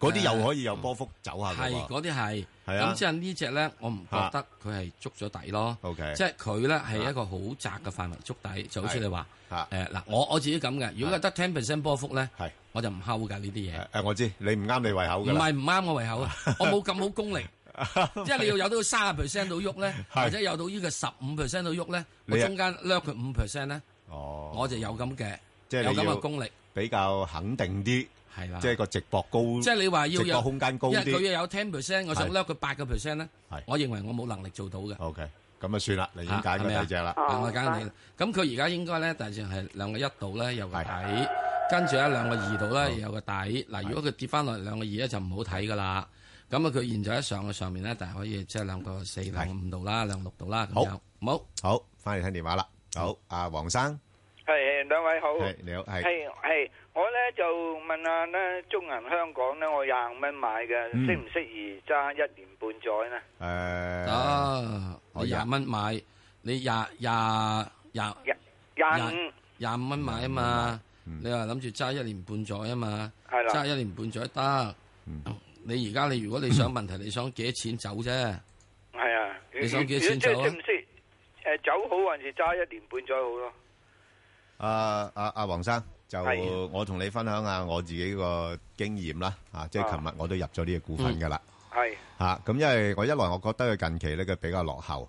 嗰啲又可以有波幅走下嘅喎，係嗰啲係，咁即係
呢隻咧，我唔覺得佢係捉咗底咯。O K，即係佢咧係一個好窄嘅範圍捉底，就好似你話誒嗱，我我自己咁嘅，如果得 ten percent 波幅咧，係我就唔 hold 㗎呢啲嘢。
誒我知，你唔啱你胃口嘅。唔係唔啱我胃口
啊！我冇咁好功力，即係你要有到卅 percent 到喐咧，或者有到呢個十五 percent 到喐咧，我中間掠佢五 percent
咧，我就有咁嘅，有咁嘅功力，比較肯定啲。係啦，即係個直播高，即係你話要有，直播空間高啲。因為佢要
有 ten percent，我想擸佢八個 percent 咧。係，我認為我冇能力做到嘅。OK，咁啊算啦，你已解咗大隻啦，我減你。咁佢而家應該咧，大隻係兩個一度咧有個底，跟住咧兩個二度咧有個底。嗱，如果佢跌翻落嚟兩個二咧就唔好睇噶啦。咁啊，佢現在喺上嘅上面咧，但係可以即係
兩個四、兩個五度啦，兩個六度啦咁樣。好，好，翻嚟聽電話啦。好，阿黃生。係，兩位好。你好，係係我咧就問下咧，中銀香港咧，我廿五蚊買嘅，適唔適宜揸一年
半載咧？誒，哦，我廿五蚊買，你廿廿廿廿廿五，廿五蚊買啊嘛，你話諗住揸一年半載啊嘛，係啦，揸一年半載得。你而家你如果你想問題，你想幾多錢走啫？係啊，你想幾多錢走咧？誒，走好還是揸一年半載好咯？
啊！阿阿黃生，就我同你分享下我自己個經驗啦，啊，即係琴日我都入咗呢隻股份噶啦，係吓咁，因為我一來我覺得佢近期咧佢比較落後，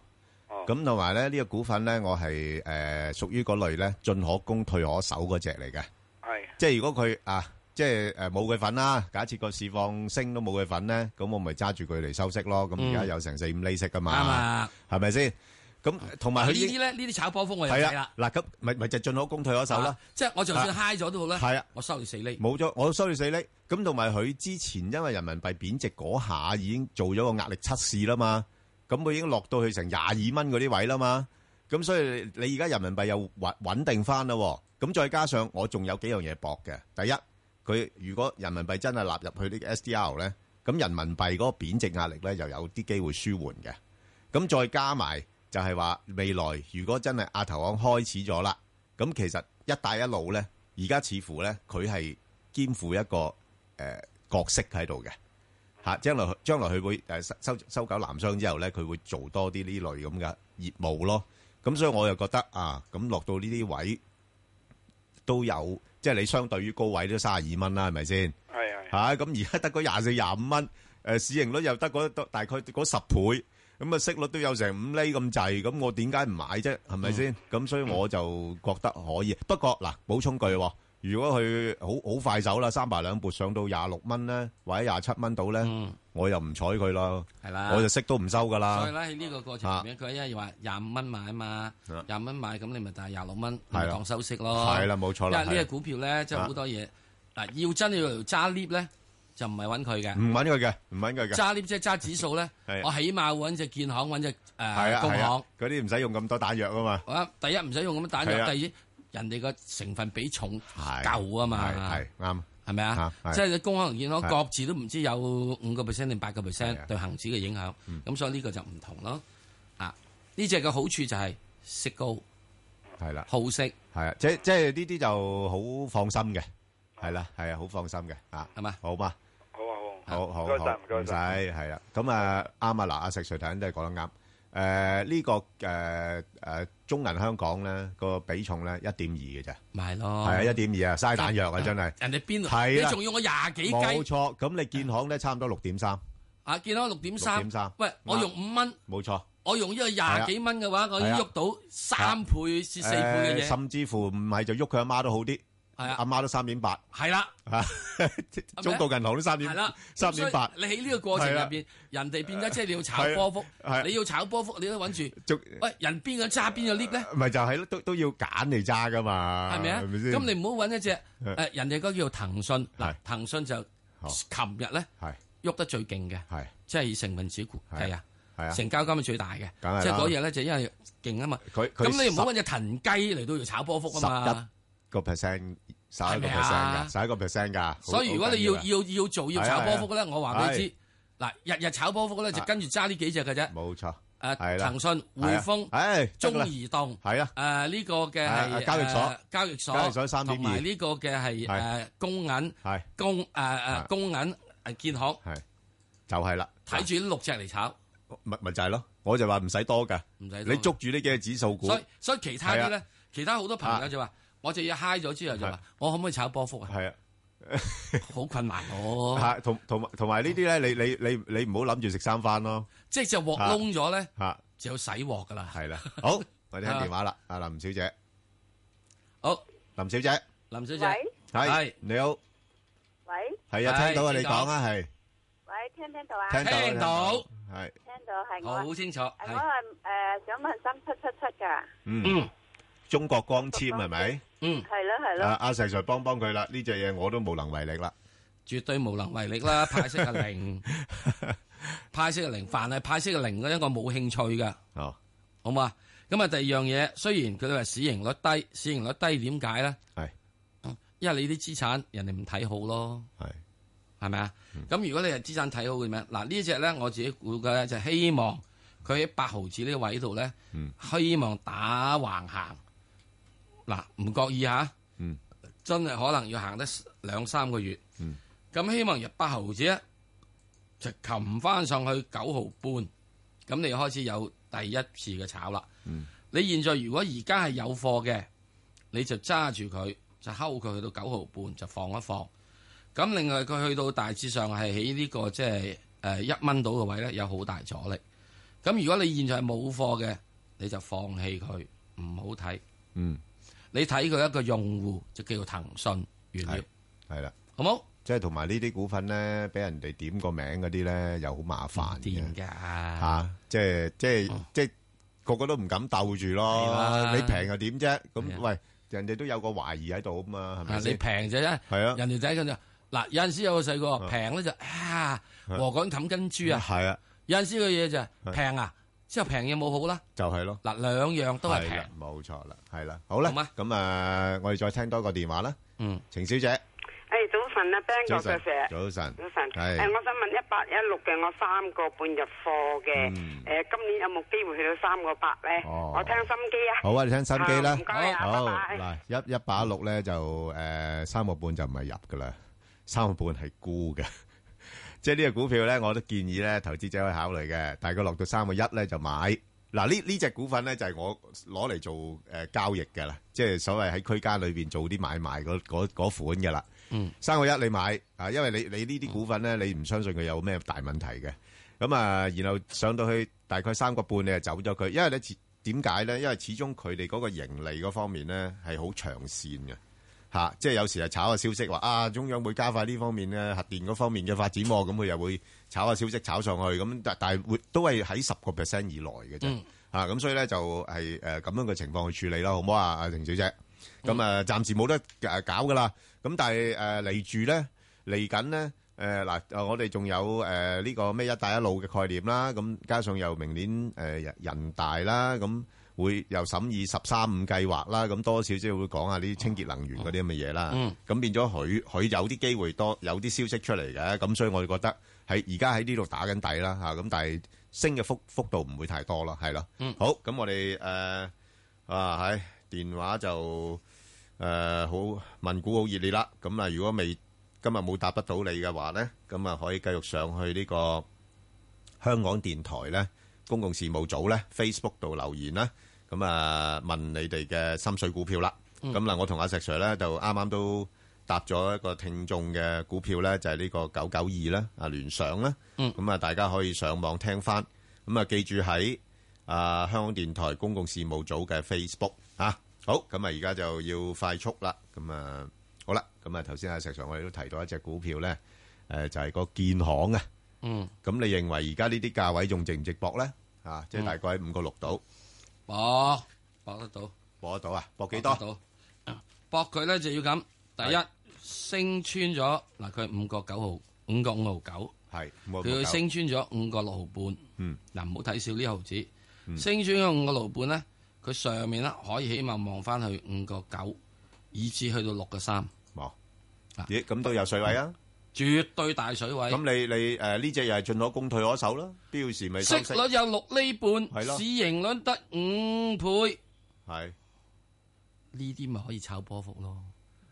咁同埋咧呢隻股份咧我係誒屬於嗰類咧進可攻退可守嗰隻嚟嘅，係即係如果佢啊即係誒冇佢份啦，假設個市放升都冇佢份咧，咁我咪揸住佢嚟收息咯，咁而家有成四五厘息噶嘛，啱啊，係咪先？咁同埋呢啲
咧？呢啲炒波風我又係啦。
嗱咁咪咪就進可攻退可守啦。啊啊、即係我就算
嗨咗都好啦。啊我，我收住四厘
冇咗，我都收住四厘咁。同埋佢之前因為人民幣貶值嗰下已經做咗個壓力測試啦嘛，咁佢已經落到去成廿二蚊嗰啲位啦嘛。咁所以你而家人民幣又穩穩定翻啦。咁再加上我仲有幾樣嘢博嘅。第一，佢如果人民幣真係納入去呢個 S D R 咧，咁人民幣嗰個貶值壓力咧又有啲機會舒緩嘅。咁再加埋。就係話未來，如果真係亞投行開始咗啦，咁其實一帶一路咧，而家似乎咧佢係肩負一個誒、呃、角色喺度嘅嚇。將來將來佢會誒、呃、收收收購南商之後咧，佢會做多啲呢類咁嘅業務咯。咁所以我又覺得啊，咁、呃、落到呢啲位都有，即係你相對於高位都三十二蚊啦，係咪先？係是啊，嚇咁而家得嗰廿四廿五蚊，誒、呃、市盈率又得嗰大概十倍。咁啊息率都有成五厘咁滯，咁我點解唔買啫？係咪先？咁所以我就覺得可以。不過嗱，補充句，如果佢好好快走啦，三排兩撥上到廿六蚊咧，或者廿七蚊到咧，我又唔睬佢咯。係啦，我就息都唔收㗎啦。所以咧喺呢個過程入面，佢
一係話廿五蚊買啊嘛，廿蚊買咁你咪大廿六蚊
係當收息咯。係啦，冇錯啦。因為呢個股
票咧，即係好多嘢嗱，要真要揸 lift 咧。就唔係揾佢嘅，唔
揾佢嘅，唔揾佢嘅。揸呢
隻揸指數咧，我起碼會揾隻建行，揾隻誒工行。
嗰啲唔使用咁多彈藥啊嘛。
第一唔使用咁多彈藥，第二人哋個成分比重夠啊嘛。係啱，係咪啊？即係啲工行同建行各自都唔知有五個 percent 定八個 percent 對恒指嘅影響。咁所以呢個就
唔同咯。啊，呢隻嘅好處就係息高，係啦，好息。係啊，即即係呢啲就好放心嘅，係啦，係啊，好放心嘅啊。係嘛？好吧。好好，唔該曬，唔該曬，係啊，咁啊，啱啊，嗱，阿石瑞太人都講得啱。誒呢個誒誒中銀香港咧，個比重咧一點二嘅啫。咪係咯，係一點二啊，嘥彈藥啊真係。人
哋邊度？係啦，你仲要我廿幾斤？冇錯，
咁你建行咧差唔多六點三。
啊，建行六點三。六點三。喂，我用五蚊。
冇錯。
我用呢個廿幾蚊嘅話，我已經喐到三倍至四倍嘅嘢。甚
至乎唔係就喐佢阿媽都好啲。係啊，阿媽都三點八，係啦，嚇，中國銀行都三點，係啦，三點八。你喺呢個過程入邊，
人哋變咗即係你要炒波幅，你要炒波幅，你都揾住。喂，人邊個揸邊個 lift 咧？
唔係就係都都要揀嚟
揸噶嘛，係咪啊？咁你唔好揾一隻誒，人哋嗰叫騰訊嗱，騰訊就琴日咧喐得最勁嘅，即係成分股，係啊，成交金係最大嘅，即係嗰日咧就因為勁啊嘛，咁你唔好揾隻騰雞嚟到要炒波幅啊嘛。
個 percent，十一 percent 噶，十一個 percent 噶。所以如果你要要
要做要炒波幅咧，我話俾你知嗱，日日炒波幅咧就跟住揸呢幾隻嘅啫。冇錯，誒騰訊、匯豐、誒中移動，係啦，誒呢個嘅係交易所、交易所，同埋呢個嘅係誒工銀，係工誒
誒工銀，誒建行，係就係啦，睇住呢六隻嚟炒，咪咪就係咯。我就話唔使多噶，唔使你捉住呢幾個指數股。所以所以其他啲咧，其他好多
朋友就話。我就要 high 咗之後就話，
我可唔可以炒波幅啊？係啊，好困難哦。係同同埋同埋呢啲咧，你你你你唔好諗住食三番咯。即係隻鑊窿咗咧，吓就要洗鑊噶啦。係啦，好，我哋聽電話啦，阿林小姐。好，林小姐。林小姐，係你好。
喂，係
啊，聽到啊，你講啊，係。
喂，聽唔聽到啊？聽到，聽到，係。聽到係。我好清楚。我係誒，想問三七七七噶。嗯。
中國光纖係咪？是是嗯，係啦，啊，係啦。阿阿 Sir，幫幫佢啦，呢隻嘢我都無能為力啦，絕
對無能為力啦，派息係零， 派息係零，凡係派息係零嘅一個冇興趣嘅。哦，好，好嘛？咁啊，第二樣嘢，雖然佢哋話市盈率低，市盈率低點解咧？係，哎，因為你啲資產人哋唔睇好咯。係，哎，係咪啊？咁，嗯，如果你係資產睇好嘅咩？嗱，呢隻咧我自己估計咧就希望佢喺八毫子呢個位度咧，希望打橫行。嗱，唔覺、啊、意嚇，啊嗯、真係可能要行得兩三個月。咁、嗯嗯、希望入八毫子，就擒翻上去九毫半，咁你開始有第一次嘅炒啦。嗯、你現在如果而家係有貨嘅，你就揸住佢，就睺佢去到九毫半就放一放。咁另外佢去到大致上係喺呢個即係誒一蚊度嘅位咧，有好大阻力。咁如果你現在係冇貨嘅，你就放棄佢，唔好睇。嗯。
你睇佢一個用戶就叫做騰訊完了，係啦，好冇？即係同埋呢啲股份咧，俾人哋點個名嗰啲咧，又好麻煩。啲人嘅吓，即係即係即係個個都唔敢鬥住咯。你平又點啫？咁喂，人哋都有個懷疑喺度啊嘛？係咪？你
平就啫，
係啊？人哋就喺度嗱，有陣時有
個細個平咧就啊，和港冚跟豬啊，係啊。有陣時嘅嘢就平
啊。即係平嘢冇好啦，就係咯，嗱兩樣都係平，冇錯啦，係啦，好啦，咁啊，我哋再聽多個電話啦，嗯，程小姐，
誒，早晨啊，Ben 哥嘅成，早晨，早
晨，係，誒，我想問一八
一六嘅我三個半入貨嘅，誒，今年有冇機會去到三個八咧？我聽心機啊，好啊，你聽心機啦，唔該你啊，拜拜。
一一八一六咧就誒三個半就唔係入噶啦，三個半係沽嘅。即係呢隻股票咧，我都建議咧投資者去考慮嘅。大概落到三個一咧就買。嗱、啊，呢呢隻股份咧就係、是、我攞嚟做誒、呃、交易嘅啦。即係所謂喺區間裏邊做啲買賣嗰款嘅啦。三個一你買啊，因為你你呢啲股份咧，你唔相信佢有咩大問題嘅。咁啊，然後上到去大概三個半你就走咗佢，因為你點解咧？因為始終佢哋嗰個盈利嗰方面咧係好長線嘅。嚇，即係有時係炒下消息，話啊中央會加快呢方面咧核電嗰方面嘅發展喎，咁佢又會炒下消息炒上去，咁但係但係會都係喺十個 percent 以內嘅啫。嚇，咁所以咧就係誒咁樣嘅情況去處理啦，好唔好啊，阿程小姐？咁啊暫時冇得誒搞噶啦。咁但係誒嚟住咧嚟緊咧誒嗱，我哋仲有誒呢個咩一帶一路嘅概念啦。咁加上又明年誒人大啦咁。會由審議十三五計劃啦，咁多少少會講下啲清潔能源嗰啲咁嘅嘢啦。咁變咗佢佢有啲機會多有啲消息出嚟嘅，咁所以我哋覺得喺而家喺呢度打緊底啦嚇。咁但係升嘅幅幅度唔會太多咯，係咯。好咁，我哋誒啊，喺電話就誒好問股好熱烈啦。咁啊，如果未今日冇答得到你嘅話咧，咁啊可以繼續上去呢個香港電台咧公共事務組咧 Facebook 度留言啦。咁啊，問你哋嘅心水股票啦。咁嗱，我同阿石 Sir 咧就啱啱都答咗一個聽眾嘅股票咧，就係呢個九九二咧，啊聯想咧。咁啊，大家可以上網聽翻。咁啊，記住喺啊香港電台公共事務組嘅 Facebook 嚇。好，咁啊，而家就要快速啦。咁啊，好啦，咁啊頭先阿石 Sir 我哋都提到一隻股票咧，誒就係個建行啊。嗯。咁你認為而家呢啲價位仲值唔值博咧？啊，即係大概喺五個六度。哦，博得到，博得到啊！博幾多？博到，
博佢咧就要咁。第一，是升穿咗嗱，佢五個九毫，五個五毫九，係，佢要升穿咗五個六毫半。嗯，嗱唔好睇少呢毫子，升穿咗五個六毫半咧，佢上面咧可以起碼望翻去五個
九，以至去到六個三。冇、哦，啊、咦？咁都有水位啊！嗯絕對大水位。咁你你誒呢隻又係進可攻退可守啦，標示咪息息率有
六厘半，市盈率得五倍。
係呢
啲咪可以炒波幅
咯。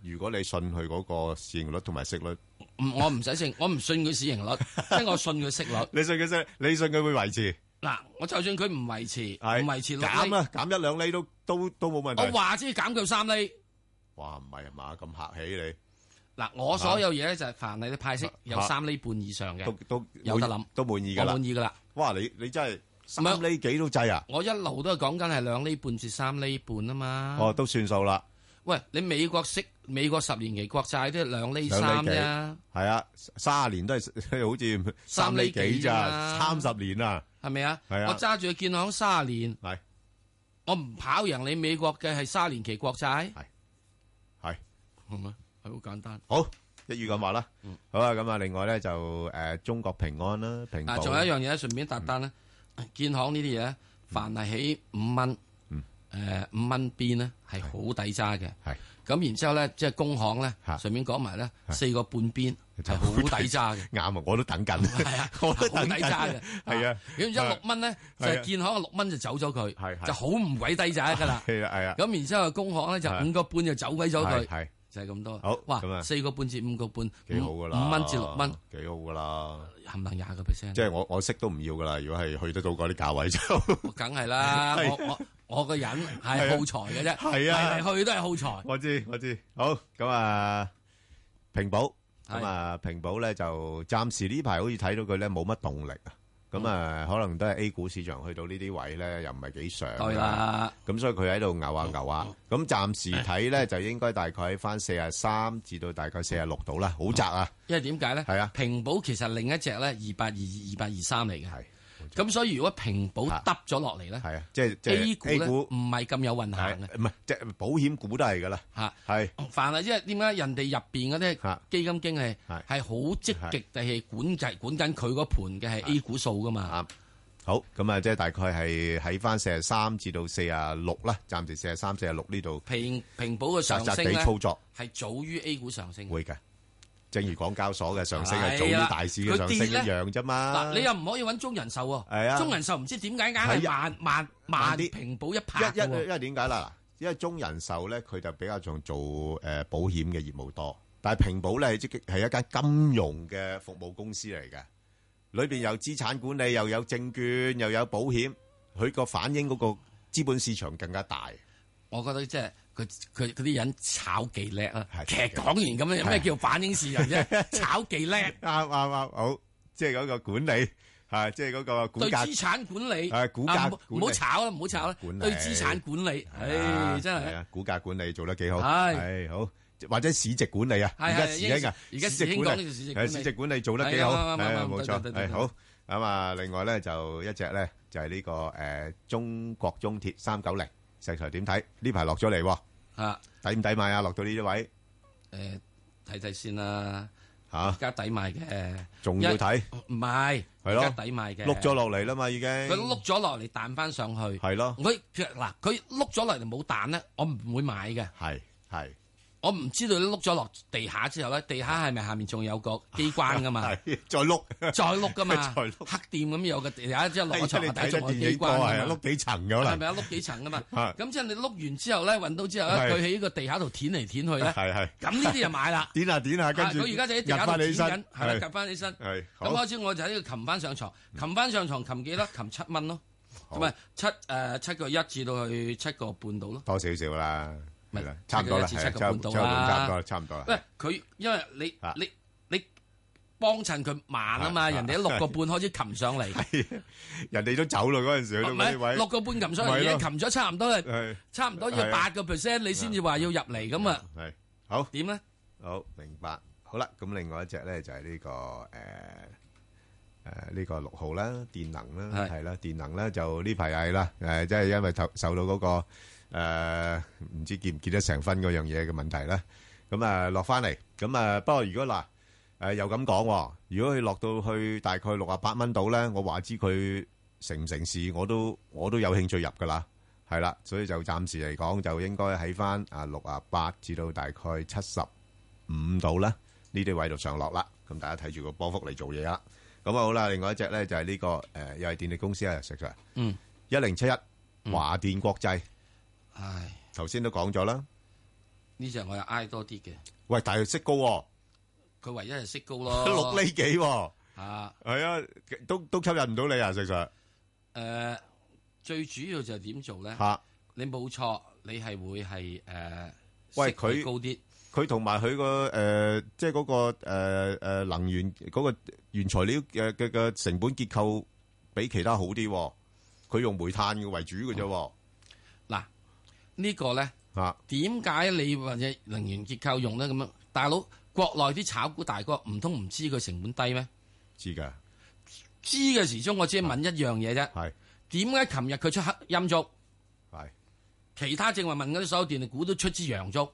如果你信佢嗰個市盈率同埋息率，唔我唔使信，我唔信佢市盈率，即係我信佢息率。你信佢息，你信佢會維持。嗱，我
就算佢唔維持，唔維持減啊，減一兩厘都都都冇問題。我話知減佢三厘。
哇，唔係嘛，咁客氣你。嗱，我所有嘢咧就係凡你啲派息
有三厘半以上嘅，都都有得諗，
都滿意嘅啦，滿意嘅啦。哇，你你真係三厘幾都滯啊！
我一路都係講緊係兩厘半至三厘半啊嘛。哦，都算數啦。喂，你美國息美國十年期國債都係兩厘三啫。
係啊，卅年都係好似三厘幾咋，三十年啊。係咪啊？係啊！我揸
住個建行卅年，我唔跑贏你美國嘅係卅年期國債，
係係好啊。好簡單，好一於咁話啦。好啊，咁啊，另外咧就誒，中國平安啦，平。仲有一樣
嘢咧，順便搭單咧，建行呢啲嘢凡係起五蚊，誒五蚊邊咧係好抵揸嘅。係咁，然之後咧即係工行咧，順便講埋咧四個半邊就好抵揸嘅。啱啊，我都等緊。係啊，好抵揸嘅。係啊，咁一六蚊咧就建行六蚊就走咗佢，就好唔鬼抵揸噶啦。係啊，係啊。咁然之後工行咧就五個半就走鬼咗佢。就係咁多。好，哇，四個半至五個半，幾好噶啦，五蚊至六蚊，
幾好噶啦，冚唪唥廿個 percent。即係我我息都唔要噶啦，如果係去得到嗰啲價位就。
梗係啦，我我我個人係好財嘅啫，嚟嚟去都係好財。
我知我知，好，咁啊，平保咁啊，平保咧就暫時呢排好似睇到佢咧冇乜動力啊。咁啊、嗯，可能都係 A 股市場去到呢啲位咧，又唔係幾上，咁啦、嗯、所以佢喺度牛啊牛啊。咁暫、嗯、時睇咧唉 就應該大概喺翻四啊三至到大概四啊六度啦，好窄啊。因為點解咧？
係啊，平保其實另一隻咧二八二二八二三嚟嘅係。咁所以如果平保耷咗落嚟咧，A 股唔係咁有運行，唔係即係保險股都係噶啦。吓，係，凡係因為點解人哋入邊嗰啲基金經理係好積極
地係管就管緊佢嗰盤嘅係 A 股數噶嘛。吓，好，咁啊即係大概係喺翻四十三至到四啊六啦，暫時四十三、四十六呢度。平平保嘅上升操作
係早於 A 股上升。
會噶。正如港交所嘅上升係做啲大市嘅上升一樣啫嘛。嗱，你又
唔可以揾中人壽喎。係啊，中人壽唔知點解
硬係萬萬萬平保一排。一一，因為點解啦？因為中人壽咧，佢就比較仲做誒保險嘅業務多。但係平保咧，即係一間金融嘅服務公司嚟嘅，裏邊有資產管理，又有證券，又有保險。佢個反映嗰個資本市場更加大。我覺得即係。佢佢嗰啲人炒幾叻啊！其實講完咁樣，有咩叫
反映市人啫？
炒幾叻，啱啱啱好，即係嗰個管理係，即係嗰個對資產
管理係股價，唔好炒啦，唔好炒啦，對資產管理，唉，真係
係啊，股價管理做得幾好，係，好或者市值管理啊，而家時興噶，而家時興講呢條市值管理，市值管理做得幾好，係冇錯，係好咁啊！另外咧就一隻咧就係呢個誒中國中鐵三九零，石才點睇？呢排落咗嚟。啊，抵唔抵買啊？落到呢啲位，誒睇睇先啦。嚇，而家抵買
嘅，仲要睇，唔買，係咯，抵買嘅，碌咗落嚟啦嘛，已經。佢碌咗落嚟彈返上去，係咯。佢，嗱，佢碌咗落嚟冇彈咧，我唔會買嘅。係係。我唔知道你碌咗落地下之後咧，地下係咪下面仲有個機關
噶嘛？再碌，再碌噶嘛？
黑店咁有個地下之後落床底下仲有機關，係咪？碌
幾層噶可能？係咪啊？
碌幾層噶嘛？咁即係你碌完之後咧，搵到之後咧，舉起呢個地下度舔嚟舔去咧。係係。咁呢啲就買啦。舔下舔下，跟住。佢而家就喺地下度舔緊，係啦，夾翻起身。係。咁開始我就喺度擒翻上床，擒翻上床，擒幾多？擒七蚊咯，唔係七誒七個一至到去七個半到
咯。多少少啦。差
唔多，差唔多啦。唔係佢，因為你你你幫襯佢慢啊嘛，人哋都六個
半開始擒上嚟，人哋都走咯嗰陣時。六個半擒上嚟，一擒咗差唔多啦，差唔多要八
個 percent，你先至話要
入嚟咁啊。係好點咧？好明白。好啦，咁另外一隻咧就係呢個誒誒呢個六號啦，電能啦，係啦，電能咧就呢排係啦，誒，即係因為受受到嗰個。誒，唔、呃、知結唔結得成分嗰樣嘢嘅問題咧？咁啊落翻嚟，咁啊。不過如果嗱誒、呃、又咁講，如果佢落到去大概六啊八蚊度咧，我話知佢成唔成事，我都我都有興趣入噶啦，係啦。所以就暫時嚟講就應該喺翻啊六啊八至到大概七十五度啦，呢啲位度上落啦。咁大家睇住個波幅嚟做嘢啦。咁啊好啦，嗯、另外一隻咧就係呢、這個誒、呃、又係電力公司啊，石 Sir 嗯，一零七一華電國際。嗯唉，頭先都講咗啦。
呢隻我又挨多啲嘅。
喂，但係識高，
佢唯一係識高咯，六厘幾。
吓，係啊，都都吸引唔到你啊，事實上。誒，
最主要就點做咧？吓，你冇錯，你係會係誒，
喂佢高啲，佢同埋佢個誒，即係嗰個誒誒能源嗰個原材料嘅嘅嘅成本結構比其他好啲，佢用煤炭嘅為主㗎啫。嗱。個呢個咧，
點解，啊、你或者能源結構用咧咁樣？大佬國內啲炒股大哥唔通唔知佢成本低咩？知嘅，知嘅時鐘我只係問一樣嘢啫。係點解琴日佢出黑陰燭？係是其他正話問嗰啲所有電力股都出支陽
燭？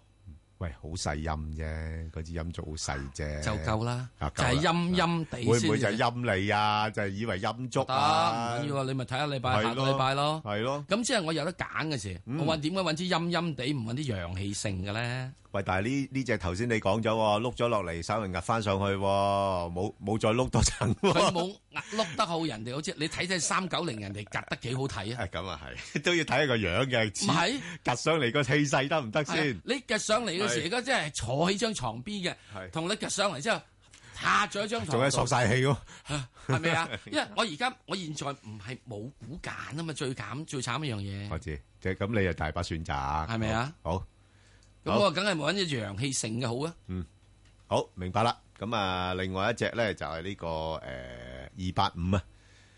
喂，好細音啫，嗰支陰燭好細啫，就夠啦，啊、夠就係陰陰地，會唔會就陰嚟？啊？就係、是、以為陰足。啊？要
你咪睇的下禮拜下禮拜咯，係咯，咁即係我有得揀嘅時，嗯、我搵點解搵支陰陰地，唔搵啲陽氣性
嘅咧？喂，但係呢呢隻頭先你講咗，碌咗落嚟，稍微夾翻上去，冇、喔、冇再碌多層。佢冇
夾碌得好人，看看人哋好似你睇睇三九零，人哋夾得幾好睇啊！係咁啊，係
都要睇個樣嘅。唔係夾上嚟個氣勢得唔得先？
你夾上嚟嘅時，而家真係坐喺張床邊嘅，同是你夾上嚟之後，下咗一張床，仲係縮晒氣咯？
係咪啊，啊？因為
我而家我現在唔係冇股揀啊嘛，最減最慘一樣嘢。我
知，即係咁，你又大把選擇，係咪啊？好。好好我啊，
梗係揾隻陽氣盛嘅好啊！
嗯，好，明白啦。咁啊，另外一隻咧就係呢個誒二八五啊，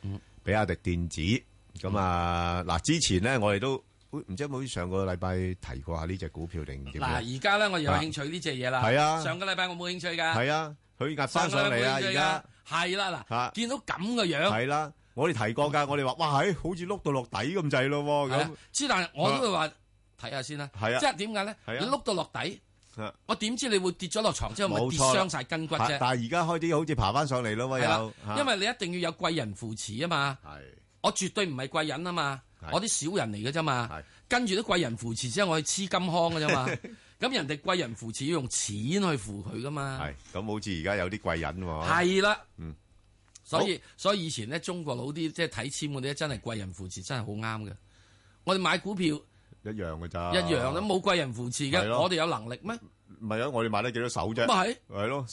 嗯，比亞迪電子。咁啊，嗱，之前咧我哋都唔知有冇上個禮拜提過下呢隻股票定點樣？嗱，而家咧我有興
趣呢隻嘢啦。係啊，上個禮拜我冇興趣噶。係啊，佢壓翻上嚟啊，而家係啦嗱，
見到咁嘅樣。係啦，我哋提過噶，我哋話哇，係好似碌到落底咁滯咯咁。
之但係我都會話。睇下先啦，係啊，即係點解咧？你碌到落底，我點知你會跌咗落床之後，咪跌傷晒筋骨啫？但係而
家開啲好似爬翻上嚟咯，因
為你一定要有貴人扶持啊嘛。我絕對唔係貴人啊嘛，我啲小人嚟嘅啫嘛，跟住啲貴人扶持之後，我去黐金康嘅啫嘛。咁人哋貴人扶持要用錢去扶佢噶嘛？
係咁，好似而家有啲貴人
係啦。嗯，所以所以以前咧，中國好啲即係睇簽嗰啲真係貴人扶持，
真係好啱嘅。我哋買股票。一樣嘅咋一樣都冇貴人扶持嘅，我哋有能力咩？唔係啊，我哋買得幾多手啫？唔係，係咯，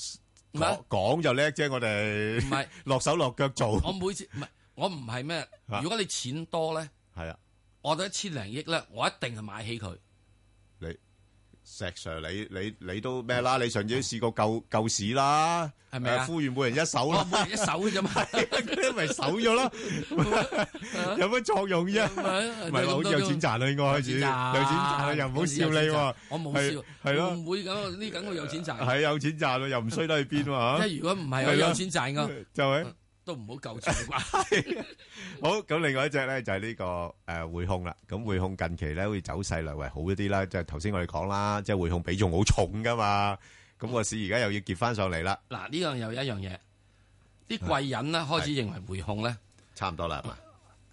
唔係講就叻啫，我哋唔係落手落腳做。我每次唔係，我唔係咩？如果你錢多咧，係啊，
我得一千零億咧，我一定係買起佢。你。
石 Sir，你你你都咩啦？你上次都試過救救市啦，係咪啊？呼籲每人一手啦，每人一手啫嘛，因為守咗啦，有乜作用啫？唔係話好有錢賺啦，應該開始有錢賺，又唔好笑你喎。我冇笑，係咯，唔
會咁，呢梗係有錢賺。係
有錢賺啦，又唔衰得去邊喎嚇？即係如果唔係，有錢賺㗎，就係。
都唔好夠長
吧。 好，咁另外一隻咧就係、是、呢、這個誒匯、呃、控啦。咁匯控近期咧會走勢略為好一啲啦。即係頭先我哋講啦，嗯、即係匯控比重好重噶嘛。咁、那個市而家又要結翻上嚟啦。嗱、啊，呢、這、樣、個、又一樣嘢，啲貴人咧開始認為匯控咧、啊，差唔多啦係嘛。誒、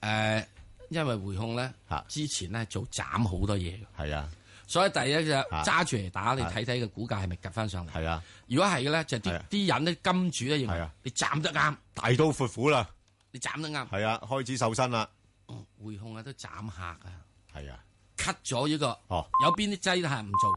呃，
因為匯控咧，啊、之前咧早斬好多嘢係啊。所以第一隻揸住嚟打，你睇睇個股價係咪夾翻上嚟？係啊，如果係嘅咧，就啲啲人咧金主咧認為你斬得啱，大刀闊斧啦，你斬得啱。係啊，開始瘦身啦。嗯，匯控啊都斬客啊。係啊，cut 咗呢個。哦，有邊啲劑都係唔做？